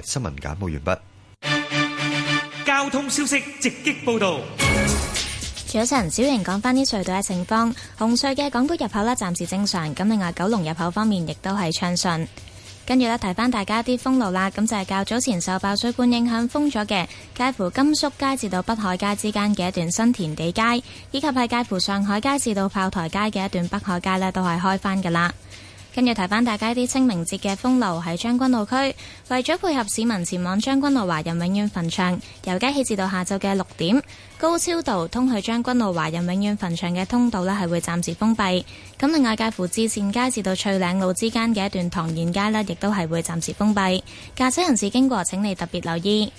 新聞簡報完畢。交通消息直擊報道。早晨小瑩講翻啲隧道嘅情況。紅隧嘅港島入口咧暫時正常，咁另外九龍入口方面亦都係暢順。跟住呢，提翻大家啲封路啦，咁就係較早前受爆水管影響封咗嘅介乎甘肅街至到北海街之間嘅一段新田地街，以及係介乎上海街至到炮台街嘅一段北海街呢都係開翻噶啦。跟住提翻大家啲清明節嘅風流喺將軍澳區，為咗配合市民前往將軍澳華人永遠墳場，由街起至到下晝嘅六點，高超道通去將軍澳華人永遠墳場嘅通道咧係會暫時封閉。咁另外介乎至善街至到翠嶺路之間嘅一段唐賢街呢，亦都係會暫時封閉。駕車人士經過請你特別留意。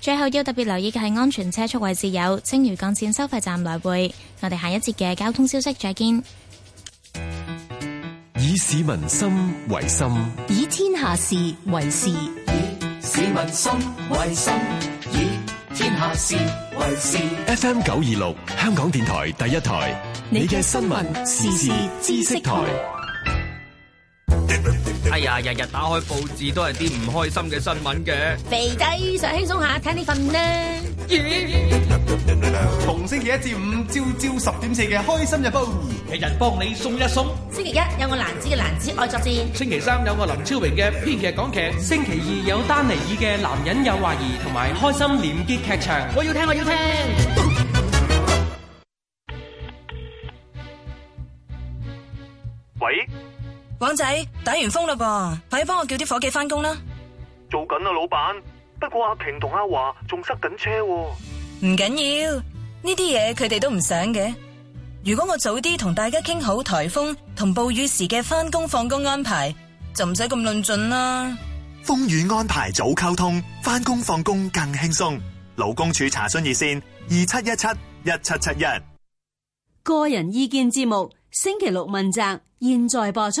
最後要特別留意嘅係安全車速位置有青嶼幹線收費站來回。我哋下一節嘅交通消息再見。以市民心為心，以天下事為事。以市民心為心，以天下事為事。FM 九二六，香港電台第一台，你嘅新聞時事知識台。哎呀，日日打開報紙都係啲唔開心嘅新聞嘅。肥仔。想輕鬆下，睇你份呢。從、yeah. 星期一至五朝朝十點四嘅《開心日報》，日日幫你送一送。星期一有我男子嘅男子愛作戰。星期三有我林超榮嘅編劇港劇。星期二有丹尼爾嘅男人有懷疑同埋開心連結劇場。我要聽，我要聽。喂？港仔打完風嘞噃，快幫我叫啲伙計翻工啦！做緊啊，老闆。不過阿平同阿華仲塞緊車，啊。唔緊要，呢啲嘢佢哋都唔想嘅。如果我早啲同大家傾好台風同暴雨時嘅翻工放工安排，就唔使咁論盡啦。風雨安排早溝通，翻工放工更輕鬆。勞工處查詢熱線：二七一七一七七一。個人意見節目，星期六問責，現在播出。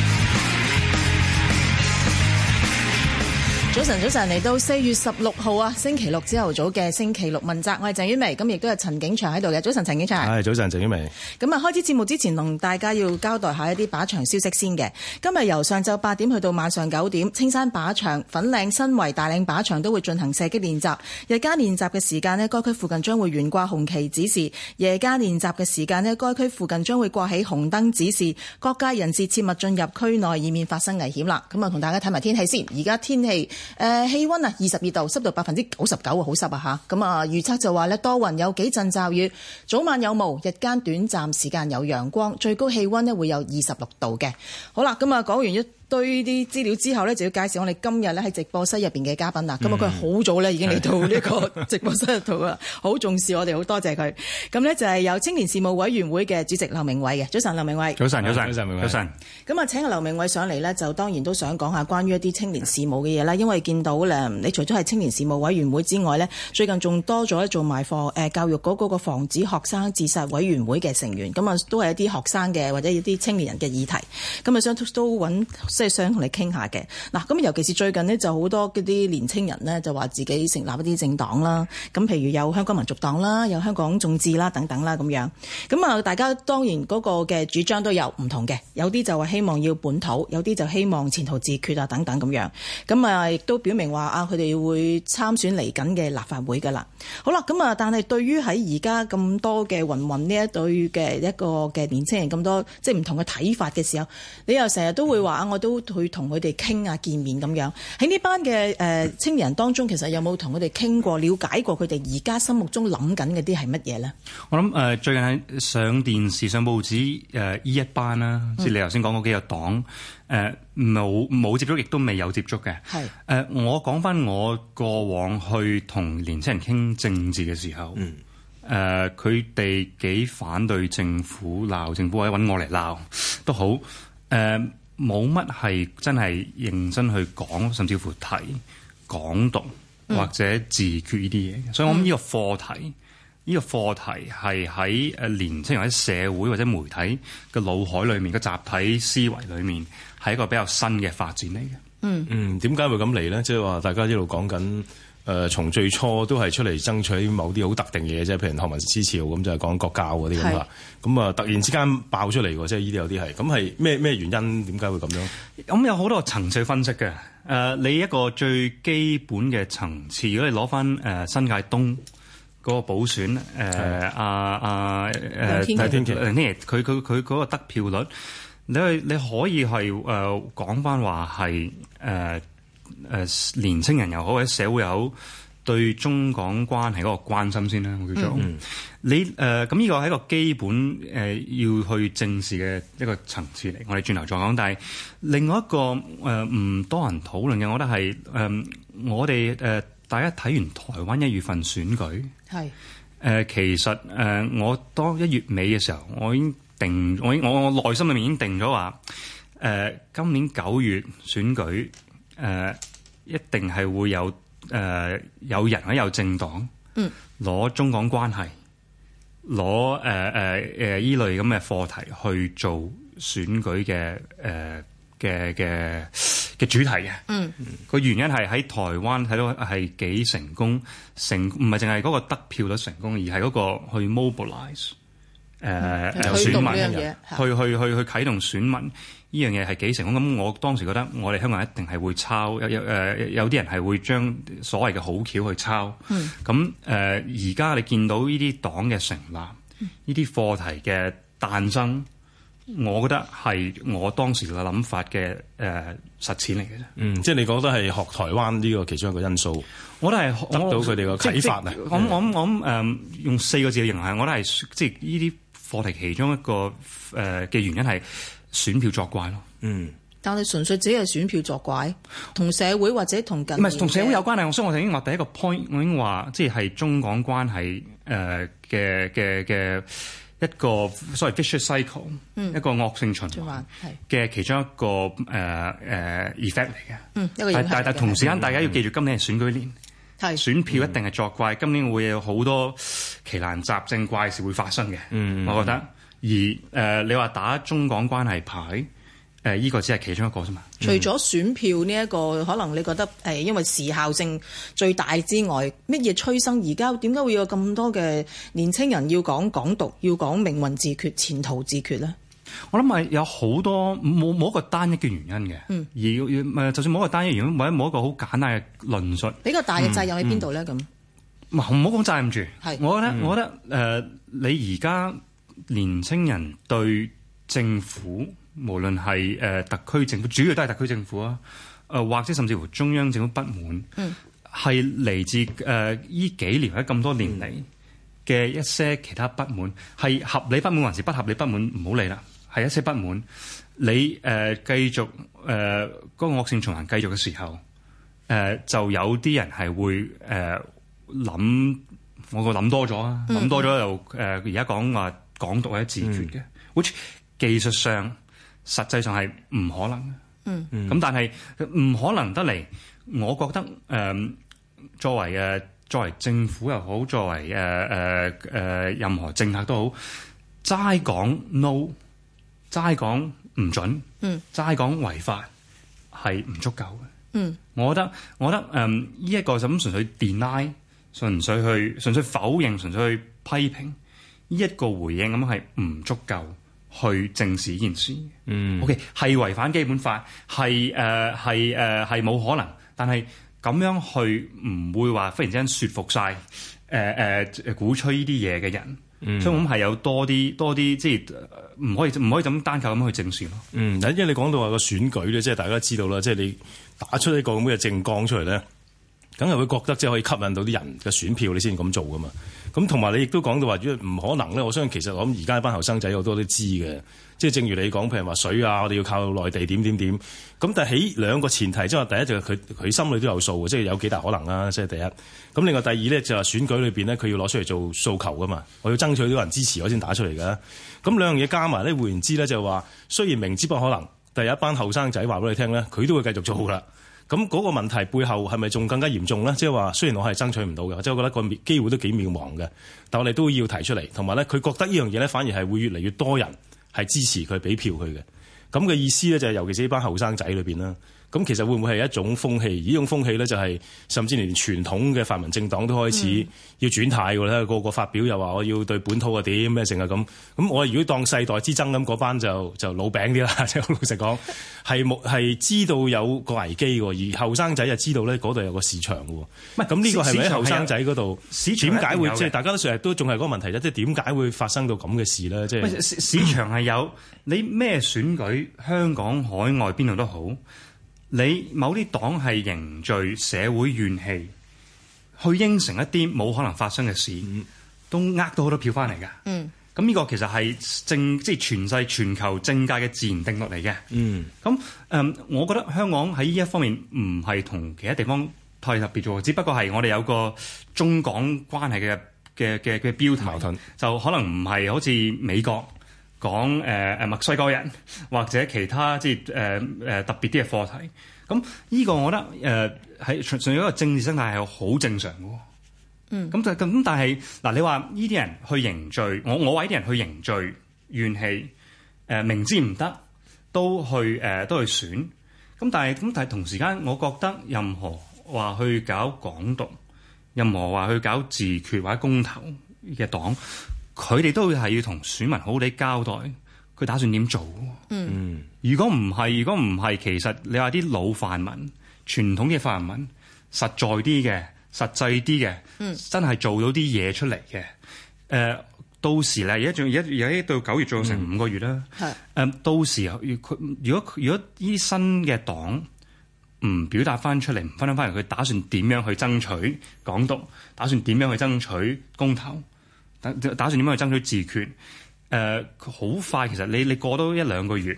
早晨，早晨，嚟到四月十六號啊，星期六朝頭早嘅星期六問責，我係鄭婉薇，咁亦都係陳景祥喺度嘅。早晨，陳景祥。係，早晨，鄭婉薇。咁啊，開始節目之前同大家要交代一下一啲靶場消息先嘅。今日由上晝八點去到晚上九點，青山靶場、粉嶺新圍、大嶺靶場都會進行射擊練習。日間練習嘅時間呢，該區附近將會懸掛紅旗指示；夜間練習嘅時間呢，該區附近將會掛起紅燈指示，各界人士切勿進入區內，以免發生危險啦。咁啊，同大家睇埋天氣先。而家天氣。誒，氣溫啊，二十二度，濕度百分之九十九啊，好濕啊吓。咁啊，預測就話咧多雲，有幾陣驟雨，早晚有霧，日間短暫時間有陽光，最高氣溫咧會有二十六度嘅。好啦，咁啊，講完一。堆啲資料之後呢，就要介紹我哋今日咧喺直播室入邊嘅嘉賓啦。咁啊、嗯，佢好早咧已經嚟到呢個直播室度啦，好 重視我哋，好多謝佢。咁呢就係由青年事務委員會嘅主席劉鳴煒嘅。早晨，劉鳴煒。早晨，早晨，早晨，早晨。咁啊，請劉鳴煒上嚟呢，就當然都想講下關於一啲青年事務嘅嘢啦。因為見到咧，你除咗係青年事務委員會之外呢，最近仲多咗做埋課誒教育局嗰個防止學生自殺委員會嘅成員。咁啊，都係一啲學生嘅或者一啲青年人嘅議題。咁啊，想都揾。即係想同你傾下嘅嗱，咁啊，尤其是最近呢，就好多嗰啲年青人呢，就話自己成立一啲政黨啦，咁啊，譬如有香港民族黨啦，有香港眾志啦，等等啦咁樣。咁啊，大家當然嗰個嘅主張都有唔同嘅，有啲就話希望要本土，有啲就希望前途自決啊，等等咁樣。咁啊，亦都表明話啊，佢哋會參選嚟緊嘅立法會噶啦。好啦，咁啊，但係對於喺而家咁多嘅雲雲呢一對嘅一個嘅年青人咁多即係唔同嘅睇法嘅時候，你又成日都會話啊，我都。都去同佢哋傾啊，見面咁樣，喺呢班嘅誒、呃，青年人當中，其實有冇同佢哋傾過，了解過佢哋而家心目中諗緊嗰啲係乜嘢咧？我諗誒、呃，最近喺上電視、上報紙誒、呢、呃、一班啦、啊，即係你頭先講嗰幾個黨誒，冇、呃、冇接觸，亦都未有接觸嘅係誒。我講翻我過往去同年青人傾政治嘅時候，誒、嗯，佢哋、呃、幾反對政府鬧政府，或者揾我嚟鬧都好誒。呃冇乜係真係認真去講，甚至乎睇講讀或者自決呢啲嘢，嗯、所以我諗呢個課題，呢、呢個課題係喺誒年青人喺社會或者媒體嘅腦海裡面嘅集體思維裡面，係一個比較新嘅發展嚟嘅。嗯，點解、嗯、會咁嚟咧？即係話大家一路講緊。誒從最初都係出嚟爭取某啲好特定嘢即係，譬如學民思潮咁就係、是、講國教嗰啲咁啦。咁啊是，突然之間爆出嚟喎，即係呢啲有啲係咁係咩咩原因？點解會咁樣？咁有好多層次分析嘅，誒、呃，你一個最基本嘅層次，如果你攞翻誒新界東嗰個補選誒，阿阿誒梁天琦，佢佢佢嗰個得票率，你去你可以係誒、呃、講翻話係誒。呃誒年青人又好，或者社會又好，對中港關係嗰個關心先啦。我叫做、嗯嗯、你誒咁，呢個係一個基本誒、呃、要去正視嘅一個層次嚟。我哋轉頭再講，但係另外一個誒唔、呃、多人討論嘅，我覺得係誒、呃、我哋誒、呃、大家睇完台灣一月份選舉係誒是、呃，其實誒、呃、我當一月尾嘅時候，我已經定我我我內心裡面已經定咗話誒今年九月選舉。誒、uh, 一定係會有誒、uh, 有人咧，有政黨攞、嗯、中港關係，攞誒誒誒依類咁嘅課題去做選舉嘅誒嘅嘅嘅主題嘅。嗯，個、嗯、原因係喺台灣睇到係幾成功，成唔係淨係嗰個得票率成功，而係嗰個去 mobilize。誒，有、嗯、選民去去去去啟動選民，呢樣嘢係幾成功。咁我當時覺得，我哋香港一定係會抄，有有誒有啲人係會將所謂嘅好橋去抄。咁誒、嗯，而家、呃、你見到呢啲黨嘅成立，呢啲課題嘅誕生，我覺得係我當時嘅諗法嘅誒、呃、實踐嚟嘅啫。嗯，即係你覺得係學台灣呢個其中一個因素，我都係得，我得到佢哋嘅啟發啊！我我我誒、呃、用四個字嘅形容，我都係即係呢啲。課題其中一個誒嘅、呃、原因係選票作怪咯，嗯。但係純粹只係選票作怪，同社會或者同緊唔係同社會有關係啊！所以我哋已經話第一個 point，我已經話即係中港關係誒嘅嘅嘅一個 sorry vicious cycle、嗯、一個惡性循環，係嘅其中一個誒誒、呃呃、effect 嚟嘅，嗯，一個影響嘅。但係同時間大家要記住，今年係選舉年。嗯嗯是選票一定係作怪，嗯、今年會有好多奇難雜症怪事會發生嘅，嗯、我覺得。而誒、呃，你話打中港關係牌，誒、呃、依、呢個只係其中一個啫嘛。嗯、除咗選票呢、呢、一個，可能你覺得誒，因為時效性最大之外，乜嘢催生而家點解會有咁多嘅年輕人要講港獨，要講命運自決、前途自決呢？我諗係有好多冇冇一個單一嘅原因嘅。嗯、而要要誒就算冇一個單一原因，或者冇一個好簡單嘅論述。比較大嘅、嗯嗯、責任喺邊度咧？咁唔好講責任住。係，我覺得、嗯、我覺得誒、呃，你而家年青人對政府，無論係誒、呃、特區政府，主要都係特區政府啊，誒、呃、或者甚至乎中央政府不滿，係嚟、嗯、自誒呢幾年或者咁多年嚟嘅一些其他不滿，係、嗯、合理不滿還是不合理不滿，唔好理啦。係一些不滿，你誒、呃、繼續誒嗰、呃那個惡性循環繼續嘅時候，誒、呃、就有啲人係會誒諗、呃、我個諗多咗啊，諗、嗯、多咗又誒而家講話港獨或者自決嘅、嗯、which 技術上實際上係唔可能。嗯，咁、嗯、但係唔可能得嚟，我覺得誒、呃、作為誒、呃、作為政府又好，作為誒誒誒任何政客都好，齋講 no。齋講唔準，齋講違法係唔足夠嘅。 我覺得我覺得誒呢一個就咁純粹 deny，純粹去純粹否認，純粹去批評呢一、這個回應咁係唔足夠去正視呢件事。嗯、OK 係違反基本法，係誒係誒係冇可能。但係咁樣去唔會話忽然之間説服曬誒誒鼓吹呢啲嘢嘅人。嗯、所以我諗係有多啲、嗯、多啲，即係唔可以唔可以咁單靠咁去正選咯。嗯，因為你講到話個選舉咧，即係大家都知道啦，即係你打出一個咁嘅政綱出嚟咧，梗係會覺得即係可以吸引到啲人嘅選票，你先咁做噶嘛。咁同埋你亦都講到話，如果唔可能咧，我相信其實我諗而家班後生仔好多都知嘅。即係正如你講，譬如話水啊，我哋要靠內地點點點。咁但係喺兩個前提，即係話第一就係佢佢心裏都有數，即係有幾大可能啦。即係第一。咁另外第二咧就係選舉裏邊咧，佢要攞出嚟做訴求噶嘛，我要爭取到人支持我先打出嚟噶。咁兩樣嘢加埋咧，換言之咧就係話，雖然明知不可能，但有一班後生仔話俾你聽咧，佢都會繼續做啦。咁嗰個問題背後係咪仲更加嚴重咧？即係話雖然我係爭取唔到嘅，即係我覺得個機會都幾渺茫嘅，但我哋都要提出嚟，同埋咧佢覺得呢樣嘢咧反而係會越嚟越多人係支持佢俾票佢嘅。咁嘅意思咧就係、是，尤其是呢班後生仔裏邊啦。咁其實會唔會係一種風氣？而呢種風氣咧，就係甚至連傳統嘅泛民政黨都開始要轉態㗎啦。嗯、個個發表又話我要對本土啊，點咩成係咁咁。我如果當世代之爭咁，嗰班就就老餅啲啦。即 係好老實講，係冇係知道有個危機㗎，而後生仔就知道咧嗰度有個市場㗎。唔係咁呢個係咪後生仔嗰度，市場點解會即係大家都成日都仲係嗰個問題咧？即係點解會發生到咁嘅事咧？即係市市場係有 你咩選舉，香港海外邊度都好。你某啲黨係凝聚社會怨氣，去應承一啲冇可能發生嘅事，嗯、都呃到好多票翻嚟嘅。咁呢、嗯、個其實係政即係全世全球政界嘅自然定律嚟嘅。咁誒、嗯嗯，我覺得香港喺呢一方面唔係同其他地方太特別喎，只不過係我哋有個中港關係嘅嘅嘅嘅標題矛盾，就可能唔係好似美國，講誒誒、呃、墨西哥人或者其他即係誒誒特別啲嘅課題，咁呢個我覺得誒喺純粹一個政治生態係好正常嘅喎，嗯，咁但咁但係嗱你話呢啲人去凝聚，我我話呢啲人去凝聚怨氣，誒、呃、明知唔得都去誒、呃、都去選，咁但係咁但係同時間，我覺得任何話去搞港獨，任何話去搞自決或者公投嘅黨。佢哋都係要同選民好好地交代佢打算點做。嗯，如，如果唔係，如果唔係，其實你話啲老泛民、傳統嘅泛民、實在啲嘅、實際啲嘅，嗯、真係做到啲嘢出嚟嘅。誒、呃，到時咧，而家仲，而家到九月仲有成五個月啦。係誒，到時如果如果如果呢新嘅黨唔表達翻出嚟，唔分享翻嚟，佢打算點樣去爭取港獨，打算點樣去爭取公投。打打算點樣去爭取自決？誒、呃，好快其實你你過多一兩個月，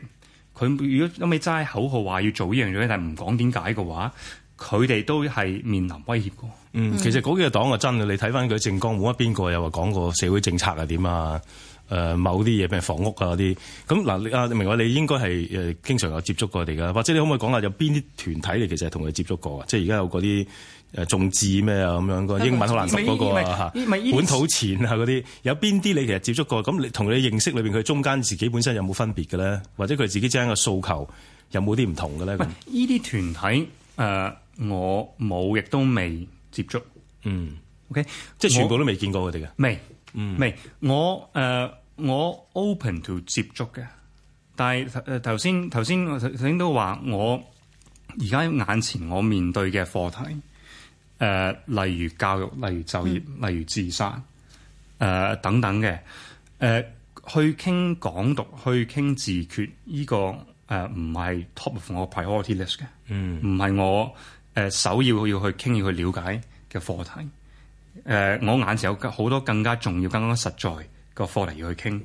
佢如果一味齋口號話要做呢樣嘢，但係唔講點解嘅話，佢哋都係面臨威脅嘅。嗯，其實嗰幾個黨就真嘅。你睇翻佢政綱，冇乜邊個又話講過社會政策係點啊？誒，某啲嘢，譬如房屋啊啲咁嗱。啊，明愛，你應該係誒、呃、經常有接觸過佢哋嘅，或者你可唔可以講下有邊啲團體你其實係同佢接觸過、呃、啊？即係而家有嗰啲誒眾志咩啊咁樣嗰英文好難讀嗰、那個啊嚇，本土錢啊嗰啲，那個、有邊啲你其實接觸過？咁你同你，你認識裏邊佢中間自己本身有冇分別嘅咧？或者佢自己之間嘅訴求有冇啲唔同嘅咧？唔係呢啲團體誒，我、呃、冇，亦都未接觸。嗯，OK，即係全部都未見過佢哋嘅，未、嗯，未，我誒。我 open to 接觸嘅，但係頭頭先頭先頭先都話我而家眼前我面對嘅課題，誒、呃、例如教育，例如就業、嗯、例如自殺誒、呃、等等嘅，誒、呃、去傾港獨去傾自決呢、這個誒唔係 top of 我 priority list 嘅，嗯，唔係我誒、呃、首要要去傾要去了解嘅課題誒、呃、我眼前有好多更加重要更加實在。個課題要去傾，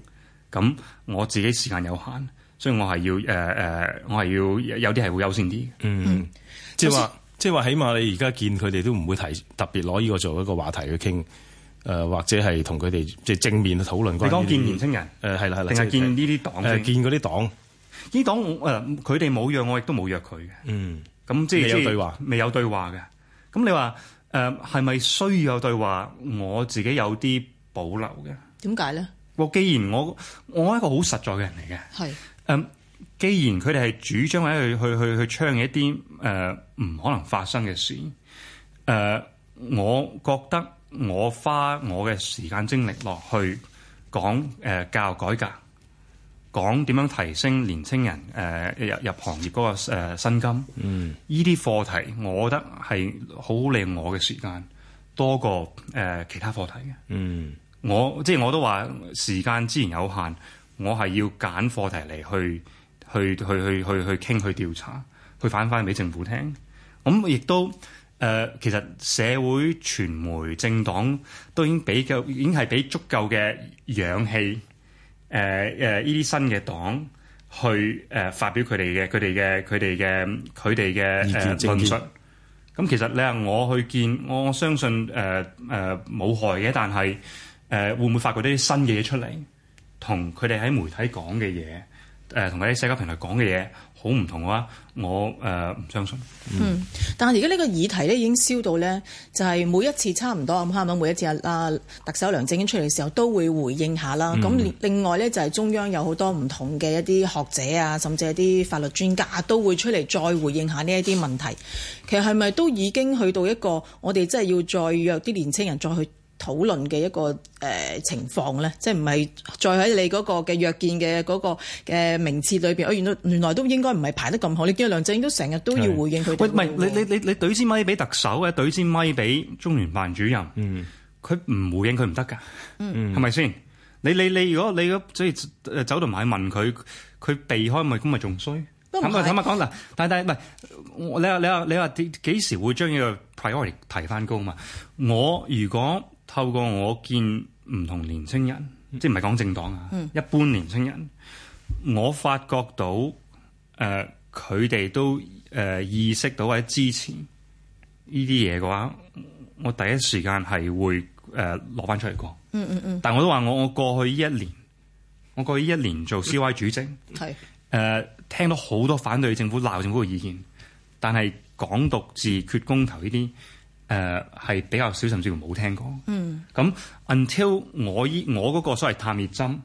咁我自己時間有限，所以我係要誒誒、呃，我係要有啲係會優先啲。嗯，是即係話，即係話，起碼你而家見佢哋都唔會提特別攞呢個作為一個話題去傾。誒、呃，或者係同佢哋即係正面去討論。你講見年輕人，誒係啦係啦，定係是見呢啲是黨誒，見嗰啲黨呢啲黨，誒佢哋冇約，我亦都冇約佢嘅。嗯，咁即係未有對話，未有對話嘅。咁你話誒係咪需要有對話？我自己有啲保留嘅。點解咧？我既然我我係一個好實在嘅人嚟嘅，係誒是，既然佢哋係主張喺度去去去去，去唱一啲誒唔可能發生嘅事，誒、呃，我覺得我花我嘅時間精力落去講誒教育改革，講點樣提升年青人誒入入行業嗰個誒薪金，嗯，呢啲課題，我覺得係好令我嘅時間多過誒其他課題嘅，嗯。我即係我都話時間資源有限，我係要揀課題嚟去去去去去去傾，去調查，去反翻俾政府聽，咁、嗯、亦都誒、呃、其實社會傳媒、政黨都已經比較已經係俾足夠嘅氧氣誒誒呢啲新嘅黨去誒、呃、發表佢哋嘅佢哋嘅佢哋嘅佢哋嘅論述。咁、呃嗯、其實你話我去見我相信誒誒冇害嘅，但係。誒會唔會發覺啲新嘅嘢出嚟，同佢哋喺媒體講嘅嘢，誒同嗰啲社交平台講嘅嘢好唔同嘅話，啊、我誒唔、呃、相信。嗯，嗯但係而家呢個議題咧已經燒到咧，就係每一次差唔多咁啱啱每一次阿特首梁振英出嚟嘅時候都會回應下啦。咁、嗯、另外咧就係中央有好多唔同嘅一啲學者啊，甚至係啲法律專家都會出嚟再回應下呢一啲問題。其實係咪都已經去到一個我哋真係要再約啲年青人再去？討論嘅一個誒情況咧，即係唔係再喺你嗰個嘅約見嘅嗰個嘅名次裏邊，哦原來原來都應該唔係排得咁好。你見梁振英都成日都要回應佢。喂唔係你你你你㨃支咪俾特首啊，㨃支咪俾中聯辦主任。嗯，佢唔回應佢唔得㗎。嗯，係咪先？你你你如果你，你，你，你，你如果即係走到埋問佢，佢避開咪咁咪仲衰。咁我坦白講嗱，但係唔係你你你你話幾時會將呢個 priority 提翻高啊？嘛，我如果透過我見唔同年青人，即係唔係講政黨啊，嗯、一般年青人，我發覺到誒佢哋都誒意識到或者支持呢啲嘢嘅話，我第一時間係會誒攞翻出嚟講。嗯。嗯嗯嗯。但係我都話我我過去一年，我過去一年做 C Y 主席，係誒、嗯呃、聽到好多反對政府鬧政府嘅意見，但係港獨、自決、公投呢啲。誒，係、uh, 比較少，甚至乎冇聽過。嗯、mm.，咁 until 我依我嗰個所謂探熱針，誒、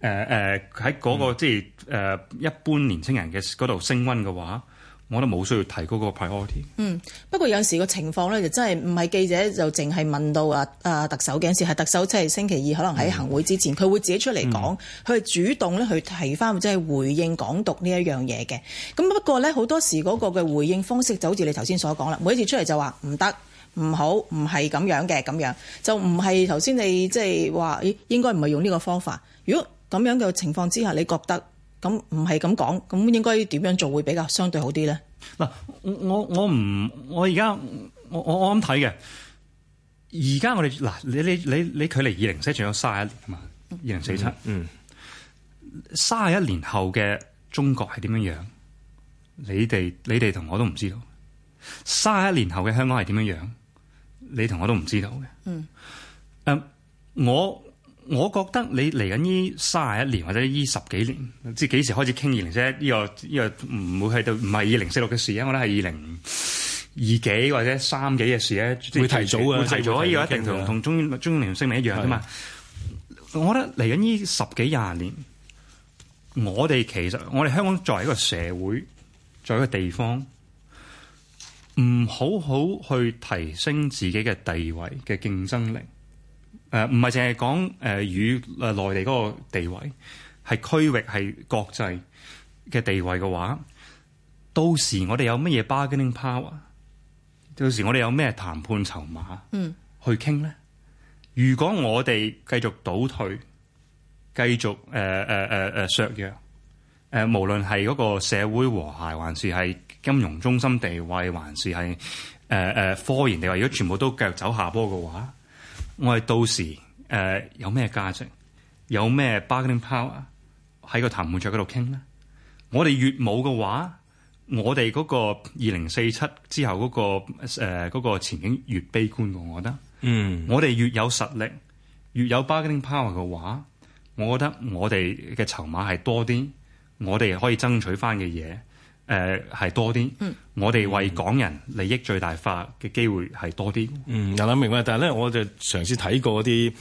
呃，誒喺嗰個、mm. 即係誒、呃、一般年青人嘅嗰度升溫嘅話，我都冇需要提高個 priority 嗯，不過有時個情況咧，就真係唔係記者就淨係問到啊啊特首嘅事，係特首即係星期二，可能喺行會之前，佢、嗯、會自己出嚟講，佢、嗯、主動咧去提翻即係回應港獨呢一樣嘢嘅。咁不過咧，好多時嗰個嘅回應方式就好似你頭先所講啦，每一次出嚟就話唔得、唔好、唔係咁樣嘅咁樣，就唔係頭先你即係話，咦應該唔係用呢個方法。如果咁樣嘅情況之下，你覺得？咁唔係咁講，咁應該點樣做會比較相對好啲咧？嗱，我我唔，我而家我我咁睇嘅，而家我哋嗱，你你你你距離二零四七仲有卅一年嘛？二零四七，嗯，嗯、卅一年後嘅中國係點樣樣？你哋你哋同我都唔知道，卅一年後嘅香港係點樣樣？你同我都唔知道嘅，嗯，誒、嗯，我。我覺得你嚟緊呢卅一年或者呢十幾年，即係幾時開始傾二零四一呢個呢個唔會係到唔係二零四六嘅事啊！我覺得係二零二幾或者三幾嘅事咧，會提早啊！會提早呢個一定同同中中年升唔一樣啊嘛！的我覺得嚟緊呢十幾廿年，我哋其實我哋香港作為一個社會，作為一個地方，唔好好去提升自己嘅地位嘅競爭力。誒，唔係淨係講誒與誒內地嗰個地位，係區域係國際嘅地位嘅話，到時我哋有乜嘢 bargaining power？到時我哋有咩談判籌碼去傾咧？嗯、如果我哋繼續倒退，繼續誒誒誒誒削弱，誒、呃、無論係嗰個社會和諧，還是係金融中心地位，還是係誒誒科研地位，如果全部都繼續走下坡嘅話，我哋到時誒、呃、有咩價值，有咩 bargaining power 喺個談判桌嗰度傾咧。我哋越冇嘅話，我哋嗰個二零四七之後嗰、嗰個誒、呃嗰個前景越悲觀。我覺得，嗯，我哋越有實力，越有 bargaining power 嘅話，我覺得我哋嘅籌碼係多啲，我哋可以爭取翻嘅嘢。誒係、呃、多啲，嗯、我哋為港人利益最大化嘅機會係多啲。嗯，有諗明白，但係咧，我就嘗試睇過啲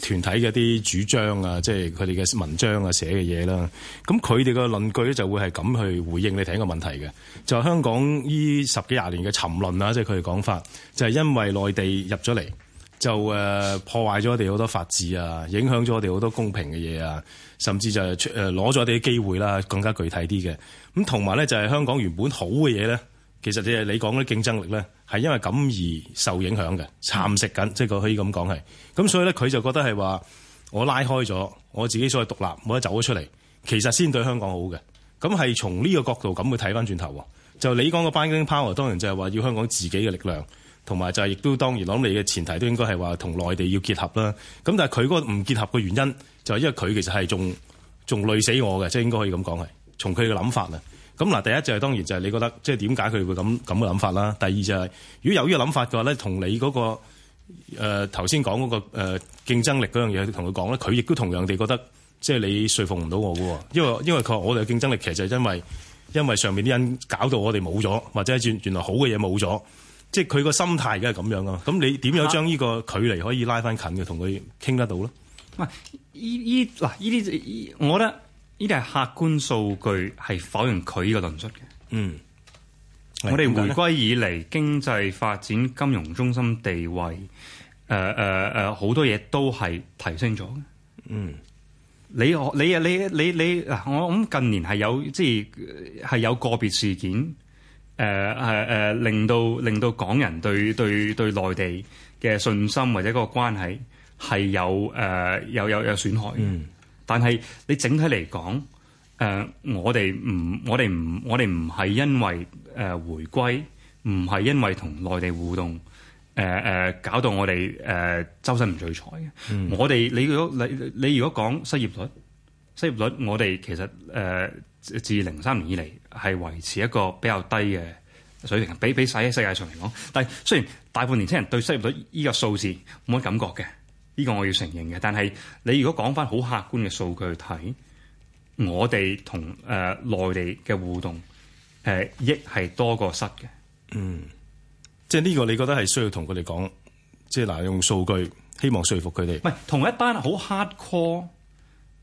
團體嘅啲主張啊，即係佢哋嘅文章啊寫嘅嘢啦。咁佢哋嘅論據咧就會係咁去回應你第一個問題嘅，就係、是、香港依十幾廿年嘅沉淪啊，即係佢哋講法，就係、是、因為內地入咗嚟，就誒、呃、破壞咗我哋好多法治啊，影響咗我哋好多公平嘅嘢啊，甚至就誒攞咗我哋啲機會啦、啊，更加具體啲嘅。咁同埋咧，就係香港原本好嘅嘢咧，其實嘅你講嗰啲競爭力咧，係因為咁而受影響嘅，蠶食緊，即係可以咁講係。咁所以咧，佢就覺得係話我拉開咗，我自己所謂獨立，冇得走咗出嚟，其實先對香港好嘅。咁係從呢個角度咁去睇翻轉頭喎。就你講個 binding power，當然就係話要香港自己嘅力量，同埋就係亦都當然諗你嘅前提，都應該係話同內地要結合啦。咁但係佢嗰個唔結合嘅原因，就係因為佢其實係仲仲累死我嘅，即係應該可以咁講係。從佢嘅諗法啊，咁嗱，第一就係、是、當然就係你覺得，即係點解佢會咁咁嘅諗法啦？第二就係、是，如果有呢個諗法嘅話咧，同你嗰、那個誒頭先講嗰個誒、呃、競爭力嗰樣嘢同佢講咧，佢亦都同樣地覺得，即係你說服唔到我嘅喎。因為因為佢話，我哋嘅競爭力其實就係因為因為上面啲人搞到我哋冇咗，或者轉原來好嘅嘢冇咗，即係佢個心態梗係咁樣啊。咁你點樣將呢個距離可以拉翻近嘅，同佢傾得到咧？唔依依嗱，依啲依，我覺得。呢啲係客觀數據，係否認佢呢個論述嘅。嗯，我哋回歸以嚟經濟發展、金融中心地位，誒誒誒，好多嘢都係提升咗嘅。嗯，你我你啊，你你你嗱，我諗近年係有即係係有個別事件，誒誒誒，令到令到港人對對對、對內地嘅信心或者個關係係有誒、呃、有有有損害嘅。嗯但係你整體嚟講，誒、呃、我哋唔我哋唔我哋唔係因為誒、呃、回歸，唔係因為同內地互動，誒、呃、誒搞到我哋誒、呃、周身唔聚財嘅。嗯、我哋你如果你你如果講失業率，失業率我哋其實誒、呃、自零三年以嚟係維持一個比較低嘅水平，比比世世界上嚟講。但係雖然大部分年輕人對失業率依個數字冇乜感覺嘅。呢個我要承認嘅，但係你如果講翻好客觀嘅數據睇，我哋同誒內地嘅互動誒、呃，亦係多過失嘅。嗯，即係呢個，你覺得係需要同佢哋講，即係嗱用數據希望說服佢哋。唔係同一班好 hard core 誒、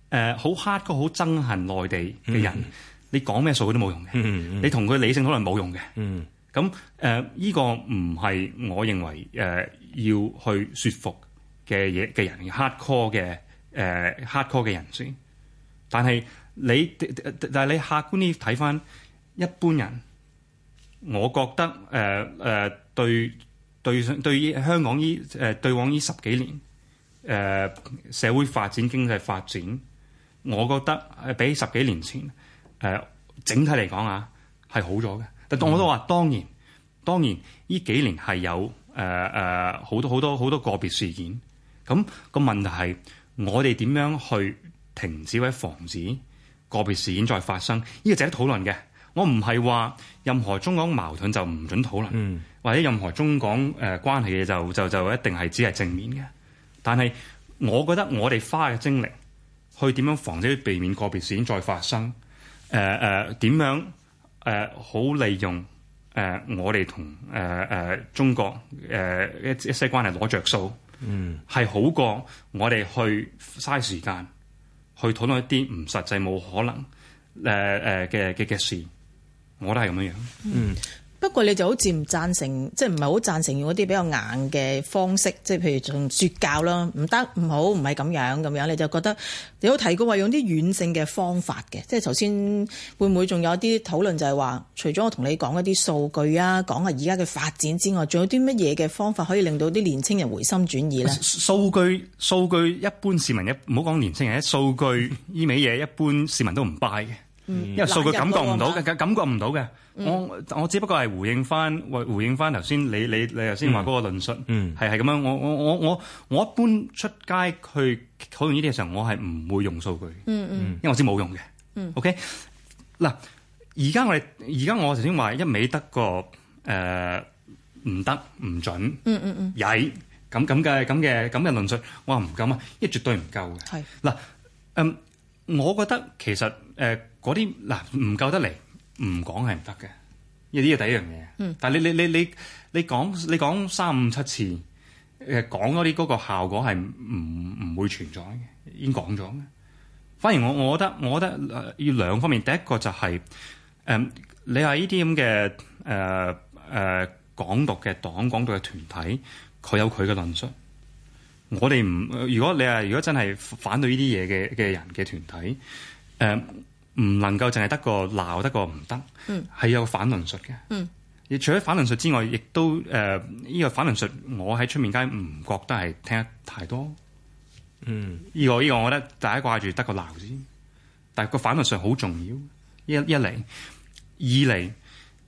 呃，好 hard core 好憎恨內地嘅人，嗯、你講咩數據都冇用嘅。嗯嗯、你同佢理性可能冇用嘅。咁誒、嗯，呢、嗯呃這個唔係我認為誒、呃、要去說服。嘅嘢嘅人 hard core 嘅誒 hard core 嘅人先。但係你但係你客觀啲睇翻一般人，我覺得誒誒、呃呃、對對對於香港呢誒、呃、對往呢十幾年誒、呃、社會發展經濟發展，我覺得誒比起十幾年前誒、呃、整體嚟講啊係好咗嘅。但當我都話、嗯、當然當然呢幾年係有誒誒好多好多好多個別事件。咁個問題係我哋點樣去停止或者防止個別事件再發生？呢個值得討論嘅。我唔係話任何中港矛盾就唔准討論，嗯，或者任何中港誒、呃、關係嘅就就就一定係只係正面嘅。但係我覺得我哋花嘅精力去點樣防止避免個別事件再發生？誒誒點樣誒、呃、好利用誒、呃、我哋同誒誒、呃呃、中國誒、呃、一一些關係攞着數。嗯，係好過我哋去嘥時間去討論一啲唔實際、冇可能誒誒嘅嘅嘅事，我覺得係咁樣樣。嗯。嗯。不過你就好似唔贊成，即係唔係好贊成用一啲比較硬嘅方式，即係譬如仲説教啦，唔得唔好，唔係咁樣咁樣，你就覺得你有提過話用啲軟性嘅方法嘅，即係頭先會唔會仲有啲討論就係話，除咗我同你講一啲數據啊，講下而家嘅發展之外，仲有啲乜嘢嘅方法可以令到啲年青人回心轉意咧？數據數據，一般市民一唔好講年青人，數據呢味嘢一般市民都唔拜嘅。因為數據感覺唔到嘅，感覺唔到嘅。嗯、我我只不過係回應翻喂，回應翻頭先你你你頭先話嗰個論述，係係咁樣。我我我我我一般出街去討論呢啲嘅時候，我係唔會用數據，嗯嗯、因為我知冇用嘅。OK 嗱、嗯，而家、嗯、我哋而家我頭先話一味得個誒唔得唔准，嗯嗯嗯，曳咁咁嘅咁嘅咁嘅論述，我話唔敢啊，因為絕對唔夠嘅。係嗱的，嗯是、呃，我覺得其實。誒嗰啲嗱唔夠得嚟，唔講係唔得嘅，呢啲係第一樣嘢。嗯、但係你你你你你講你講三五七次，誒講嗰啲嗰個效果係唔唔會存在嘅，已經講咗嘅。反而我我覺得我覺得要兩方面，第一個就係、是、誒、呃、你話呢啲咁嘅誒誒港獨嘅黨、港獨嘅團體，佢有佢嘅論述。我哋唔如果你係如果真係反對呢啲嘢嘅嘅人嘅團體誒。呃唔能夠淨係得個鬧，得個唔得，係、嗯、有反論述嘅。你、嗯、除咗反論述之外，亦都誒呢、呃這個反論述，我喺出面街唔覺得係聽得太多。嗯，呢個呢個，這個、我覺得大家掛住得個鬧先，但個反論述好重要。一一嚟，二嚟，誒、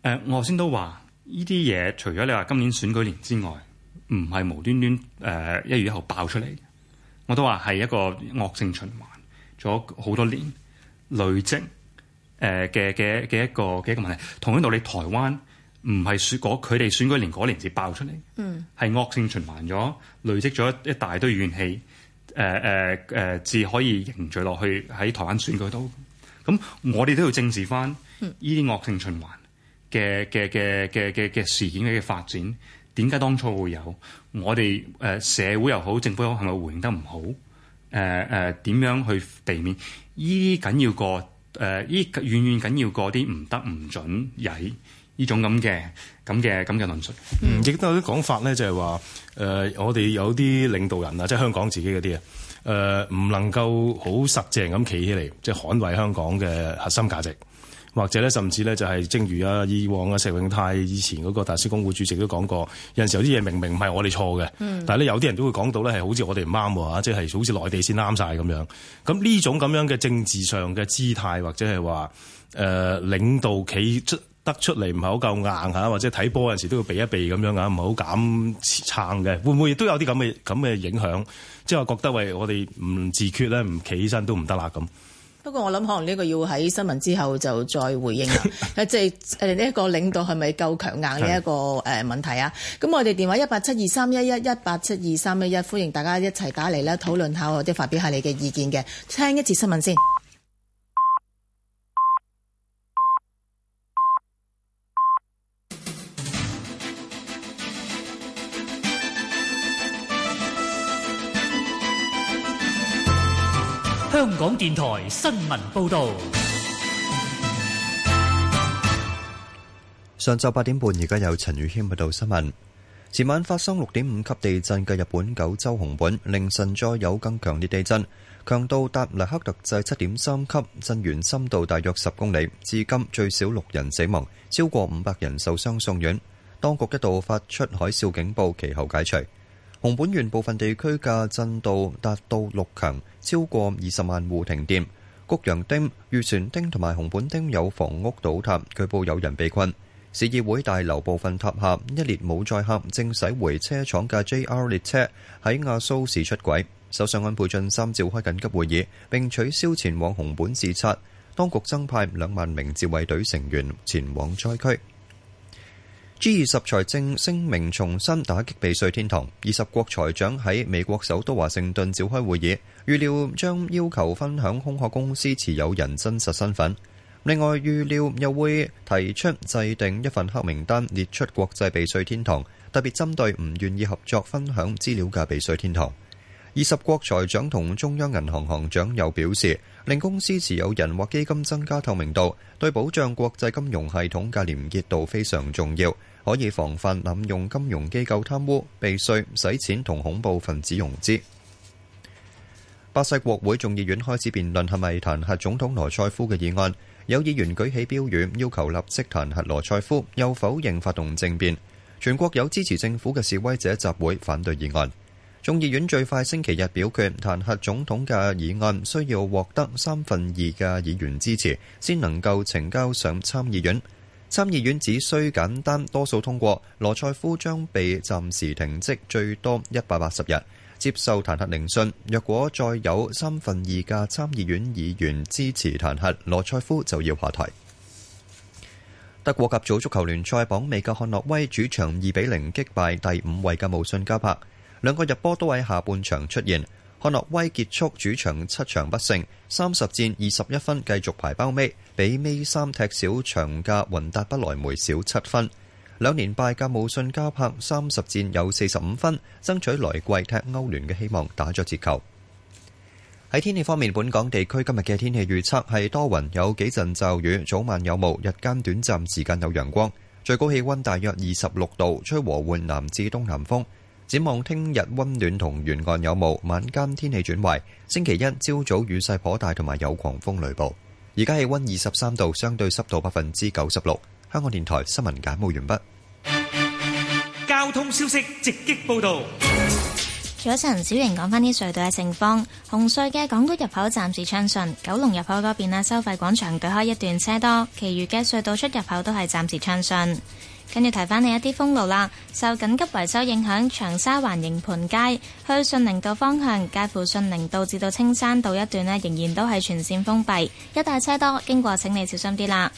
呃、我頭先都話呢啲嘢，除咗你話今年選舉年之外，唔係無端端誒、呃、一月一號爆出嚟。我都話係一個惡性循環，咗好多年。累積誒嘅嘅嘅一個嘅一個問題，同樣道理，台灣唔係選嗰佢哋選舉年嗰年至爆出嚟，係、嗯、惡性循環咗，累積咗一大堆怨氣，誒誒誒，至可以凝聚落去喺台灣選舉度。咁、嗯、我哋都要正視翻呢啲惡性循環嘅嘅嘅嘅嘅嘅事件嘅發展，點解當初會有？我哋誒社會又好，政府又好，係咪回應得唔好？誒誒點樣去避免？依啲緊要過誒，依遠遠緊要過啲唔得唔準曳呢種咁嘅咁嘅咁嘅論述。嗯，亦都有啲講法咧，就係話誒，我哋有啲領導人啊，即係香港自己嗰啲啊，誒唔能夠好實淨咁企起嚟，即係捍衞香港嘅核心價值。或者咧，甚至咧，就係正如啊，以往啊，石永泰以前嗰個大律師公會主席都講過，有陣時候啲嘢明明唔係我哋錯嘅，嗯、但係咧有啲人都會講到咧，係、就是、好似我哋唔啱喎，即係好似內地先啱晒咁樣。咁呢種咁樣嘅政治上嘅姿態，或者係話誒領導企出得出嚟唔係好夠硬嚇，或者睇波有時都要避一避咁樣嚇，唔係好敢撐嘅，會唔會都有啲咁嘅咁嘅影響？即係我覺得喂，我哋唔自決咧，唔企起身都唔得啦咁。不過我諗可能呢個要喺新聞之後就再回應啦。 即係誒呢一個領導係咪夠強硬呢一個誒問題啊？咁 我哋電話一八七二三一一一八七二三一一歡迎大家一齊打嚟啦，討論下或者發表下你嘅意見嘅。聽一次新聞先。香港電台新聞報道：上晝八點半，而家有陳宇謙報道新聞。前晚發生六點五級地震嘅日本九州熊本，凌晨再有更強烈地震，強度達黎克特制七點三級，震源深度大約十公里。至今最少六人死亡，超過五百人受傷送院。當局一度發出海嘯警報，其後解除。熊本縣部分地區嘅震度達到六強。超過20萬戶停電，谷陽町、御船町同埋熊本町有房屋倒塌，據報有人被困。市議會大樓部分塌下，一列冇載客正駛回車廠嘅 JR 列車喺亞蘇市出軌。首相安倍晉三召開緊急會議，並取消前往熊本視察。當局增派兩萬名自衛隊成員前往災區。G 二十財政聲明重新打擊避稅天堂。二十國財長喺美國首都華盛頓召開會議，預料將要求分享空殼公司持有人真實身份。另外，預料又會提出制定一份黑名單，列出國際避稅天堂，特別針對唔願意合作分享資料嘅避稅天堂。二十國財長同中央銀行行長又表示，令公司持有人或基金增加透明度，對保障國際金融系統嘅廉潔度非常重要，可以防範濫用金融機構貪污、避稅、洗錢同恐怖分子融資。巴西國會眾議院開始辯論係咪彈劾總統羅塞夫嘅議案，有議員舉起標語要求立即彈劾羅塞夫，又否認發動政變。全國有支持政府嘅示威者集會反對議案。眾議院最快星期日表決彈劾總統嘅議案，需要獲得三分二嘅議員支持，先能夠呈交上參議院。參議院只需簡單多數通過，羅塞夫將被暫時停職最多一百八十日，接受彈劾聆訊。若果再有三分二嘅參議院議員支持彈劾羅塞夫，就要下台。德國甲組足球聯賽榜尾嘅漢諾威主場二比零擊敗第五位嘅無信加柏。兩個入波都喺下半場出現。漢諾威結束主場七場不勝，三十戰二十一分，繼續排包尾，比尾三踢少場嘅雲達不萊梅少七分。兩連敗嘅慕遜加柏三十戰有四十五分，爭取來季踢歐聯嘅希望打咗折扣。喺天氣方面，本港地區今日嘅天氣預測係多雲，有幾陣驟雨，早晚有霧，日間短暫時間有陽光，最高氣温大約二十六度，吹和緩南至東南風。展望聽日温暖，同沿岸有霧，晚間天氣轉壞。星期一朝早雨勢頗大，同埋有狂風雷暴。而家氣温二十三度，相對濕度百分之九十六。香港電台新聞簡報完畢。交通消息直擊報道：早晨，小瑩講翻啲隧道嘅情況。紅隧嘅港島入口暫時暢順，九龍入口嗰邊啦，收費廣場舉開一段車多，其餘嘅隧道出入口都係暫時暢順。跟住提翻你一啲封路啦，受緊急維修影響，長沙環營盤街去順寧道方向介乎順寧道至到青山道一段呢，仍然都係全線封閉，一帶車多，經過請你小心啲啦。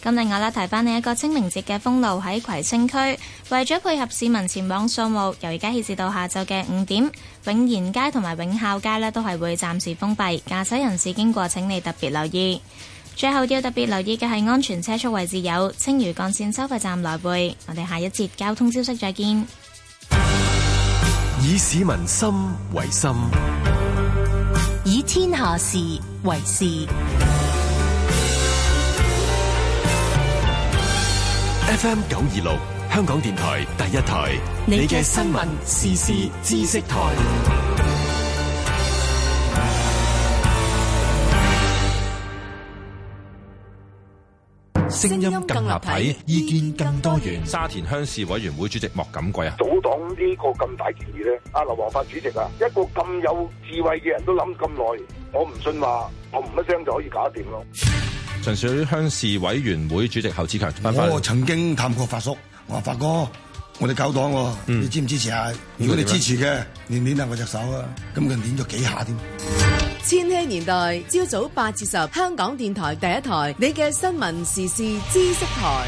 咁另外呢，提翻你一個清明節嘅封路喺葵青區，為咗配合市民前往掃墓，由而家起至到下晝嘅五點，永賢街同埋永孝街呢都係會暫時封閉，駕駛人士經過請你特別留意。最後要特別留意嘅，係安全車速位置有青嶼幹綫收費站來回。我哋下一節交通消息再見。以市民心為心，以天下事為事。FM 九二六，香港電台第一台，你嘅新聞時事知識台。聲音更立體，意見更多元。沙田鄉事委員會主席莫錦貴啊，搞黨呢個咁大建議咧，阿、啊、劉皇發主席啊，一個咁有智慧嘅人都諗咁耐，我唔信話我唔一聲就可以搞掂咯。上水鄉事委員會主席侯志強，翻翻我曾經探過發叔，我話發哥，我哋搞黨、啊，嗯、你支唔支持啊？如果你支持嘅，你捻、嗯、下我隻手啊，咁佢捻咗幾下。添、嗯。千禧年代朝早八至十，香港電台第一台，你嘅新聞時事知識台。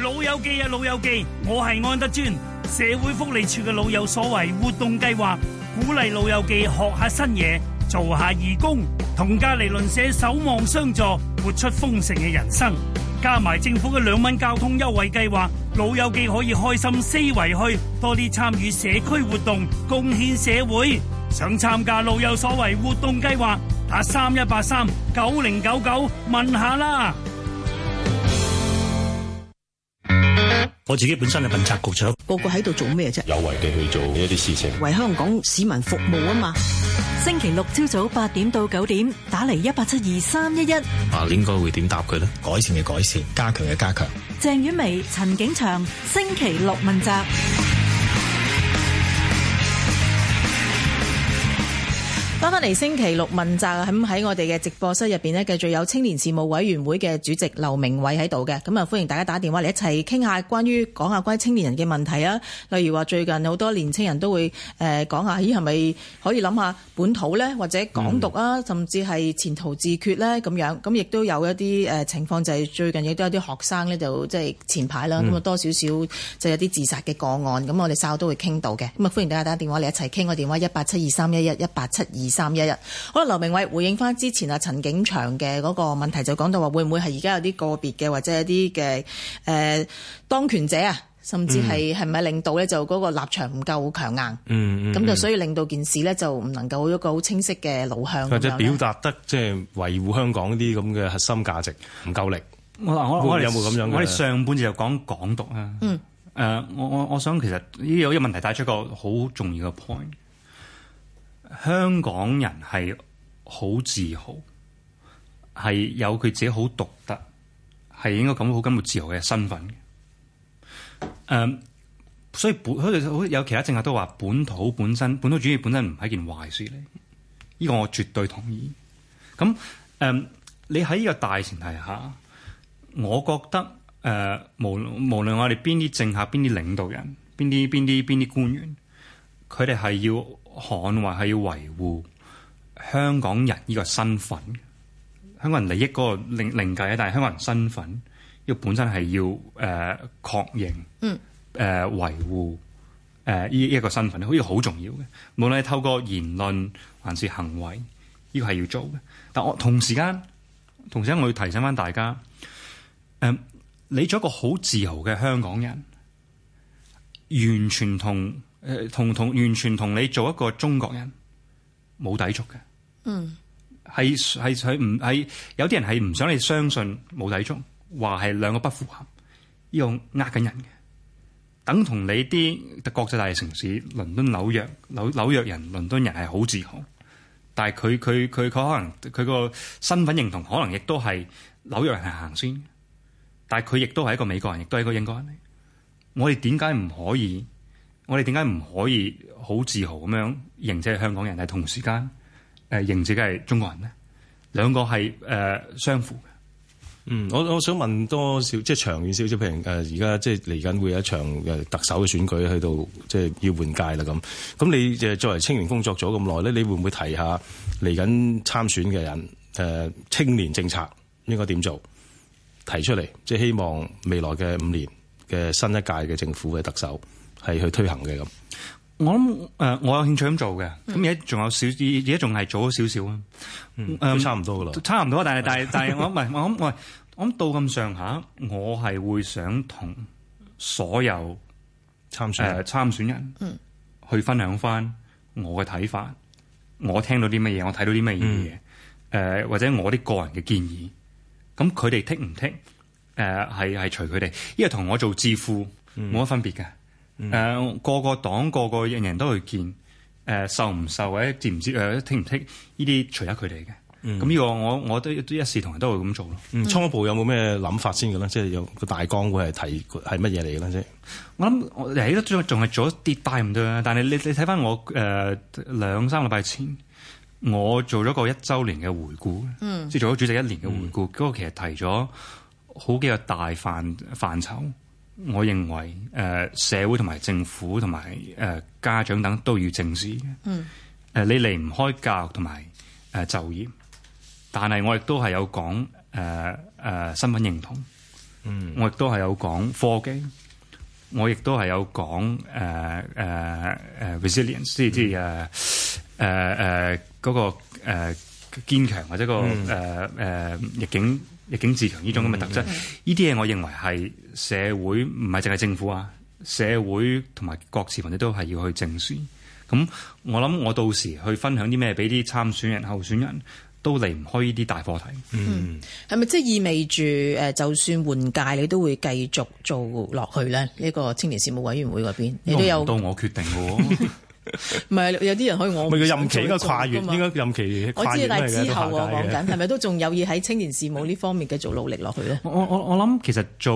老友記啊，老友記，我係安德尊，社會福利處嘅老有所為活動計劃，鼓勵老友記學下新嘢，做下義工，同隔籬鄰舍守望相助，活出豐盛嘅人生。加埋政府嘅兩蚊交通優惠計劃，老友記可以開心四圍去，多啲參與社區活動，貢獻社會。想參加老有所為活動計劃，打三一八三九零九九問下啦。我自己本身係問責局長，個個喺度做咩啫？有為地去做呢啲事情，為香港市民服務啊嘛。星期六朝早八點到九點，打嚟一八七二三一一。啊，應該會點答佢咧？改善嘅改善，加強嘅加強。鄭婉薇、陳景祥，星期六問責。翻返嚟星期六問責，喺我哋嘅直播室入邊咧繼續有青年事務委員會嘅主席劉鳴煒喺度嘅，咁啊歡迎大家打電話嚟一齊傾下，關於講下關於青年人嘅問題啊，例如話最近好多年青人都會誒講下，咦係咪可以諗下本土呢？或者港獨啊，甚至係前途自決呢？咁樣，咁亦都有一啲誒情況就係最近亦都有啲學生呢，就即係前排啦，咁啊多少少就有啲自殺嘅個案，咁我哋稍後都會傾到嘅，咁啊歡迎大家打電話嚟一齊傾，個電話一八七二三一一一八七二。二三一日，好啦，劉鳴煒回應翻之前啊，陳景祥嘅嗰個問題就講到話，會唔會係而家有啲個別嘅或者有啲嘅誒當權者啊，甚至係係咪領導咧，就嗰個立場唔夠強硬嗯，嗯，咁、嗯、就所以令到件事咧就唔能夠一個好清晰嘅路向，或者表達得即係維護香港啲咁嘅核心價值唔夠力。我我我哋有冇咁樣嘅？我哋上半節又講港獨啊，嗯，誒、呃，我我我想其實呢有一個問題帶出個好重要嘅 point。香港人係好自豪，係有佢自己好獨特，係應該感到好咁嘅自豪嘅身份嘅。誒、uh，所以本好似有其他政客都話本土本身，本土主義本身唔係件壞事嚟。呢、這個我絕對同意。咁、嗯、誒，你喺呢個大前提下，我覺得誒、呃，無論無論我哋邊啲政客、邊啲領導人、邊啲邊啲邊啲官員，佢哋係要。捍衛係要維護香港人呢個身份，香港人利益嗰個另另計啊！但係香港人身份要本身係要誒確、呃、認，嗯、呃，誒維護誒呢一個身份好似好重要嘅。無論係透過言論還是行為，呢、這個係要做嘅。但我同時間，同時間，我要提醒翻大家，誒、呃，你做一個好自由嘅香港人，完全同。誒，同同完全同你做一個中國人冇抵觸嘅。嗯，係係佢唔係有啲人係唔想你相信冇抵觸，話係兩個不符合，呢個呃緊人嘅。等同你啲國際大城市倫敦、紐約、紐紐約人、倫敦人係好自豪，但係佢佢佢佢可能佢個身份認同可能亦都係紐約人係行先，但係佢亦都係一個美國人，亦都係一個英國人。我哋點解唔可以？我哋點解唔可以好自豪咁樣認識香港人，係同時間誒認識自己係中國人呢？兩個係誒、呃、相符嘅。嗯，我我想問多少即係長遠少少，譬如誒而家即係嚟緊會有一場誒特首嘅選舉，喺度即係要換屆啦。咁咁，你誒作為青年工作咗咁耐咧，你會唔會提下嚟緊參選嘅人誒、呃、青年政策應該點做提出嚟？即係希望未來嘅五年嘅新一屆嘅政府嘅特首。係去推行嘅。咁，我諗誒，我有興趣咁做嘅，咁而家仲有少，而家仲係早咗少少啊，誒，差唔多噶啦，差唔多，但係但係但係，我唔係我諗，我諗到咁上下，我係會想同所有參誒參選人去分享翻我嘅睇法，我聽到啲乜嘢，我睇到啲乜嘢，誒，或者我啲個人嘅建議，咁佢哋剔唔剔？誒，係係隨佢哋，呢個同我做智庫冇乜分別嘅。誒、嗯呃，個個黨個個人人都去見，誒、呃，受唔受或者接唔接誒，聽唔聽呢啲，除咗佢哋嘅。咁呢、嗯、個我我都一一視同仁，都會咁做咯。初步、嗯嗯、有冇咩諗法先嘅咧？即係有個大綱會係提係乜嘢嚟嘅咧？先，我諗我起得仲係做一啲大唔對啊。但係你你睇翻我誒，兩、呃、三個禮拜前我做咗個一周年嘅回顧，即係、嗯、做咗主席一年嘅回顧，嗰個、嗯、其實提咗好幾個大範範疇。我認為誒、呃、社會同埋政府同埋誒家長等都要正視。嗯。誒、呃、你離唔開教育同埋誒就業，但係我亦都係有講誒誒身份認同。嗯我。我亦都係有講科技，我、呃、亦都、呃、係有、呃、講誒誒誒 resilience，即係即係誒誒誒嗰個誒、呃、堅強或者、嗰個誒、嗯呃呃、逆境。逆境自強呢種咁嘅特質，呢啲嘢我認為係社會唔係淨係政府啊，社會同埋各市民都都係要去正視。咁我諗我到時去分享啲咩俾啲參選人候選人，都離唔開呢啲大課題。嗯，係咪即係意味住誒，就算換屆你都會繼續做落去咧？呢、呢個青年事務委員會嗰邊，你都有都到我決定嘅喎、啊。 唔係， 有啲人可以是我唔係佢任期個跨越，麼應該任期跨越我知，但係之後我講緊係咪都仲有意喺青年事務呢方面繼續努力落去咧？ 我我我諗，其實做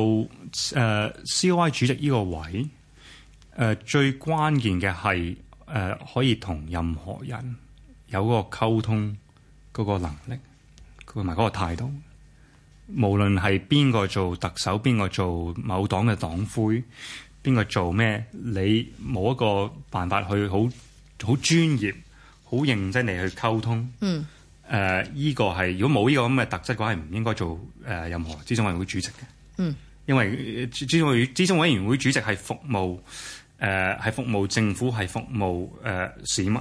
誒 COI 主席呢個位，誒最關鍵嘅係誒可以同任何人有個溝通嗰、嗰個能力，同埋嗰個態度。無論係邊個做特首，邊個做某黨嘅黨魁。邊個做咩？你冇一個辦法去好好專業好認真地去溝通。嗯，誒依、呃這個係如果冇呢個咁嘅特質嘅話，係唔應該做誒、呃、任何諮詢委員會主席嘅。嗯，因為諮詢委諮詢委員會主席係服務誒，係、呃、服務政府，係服務誒、呃、市民，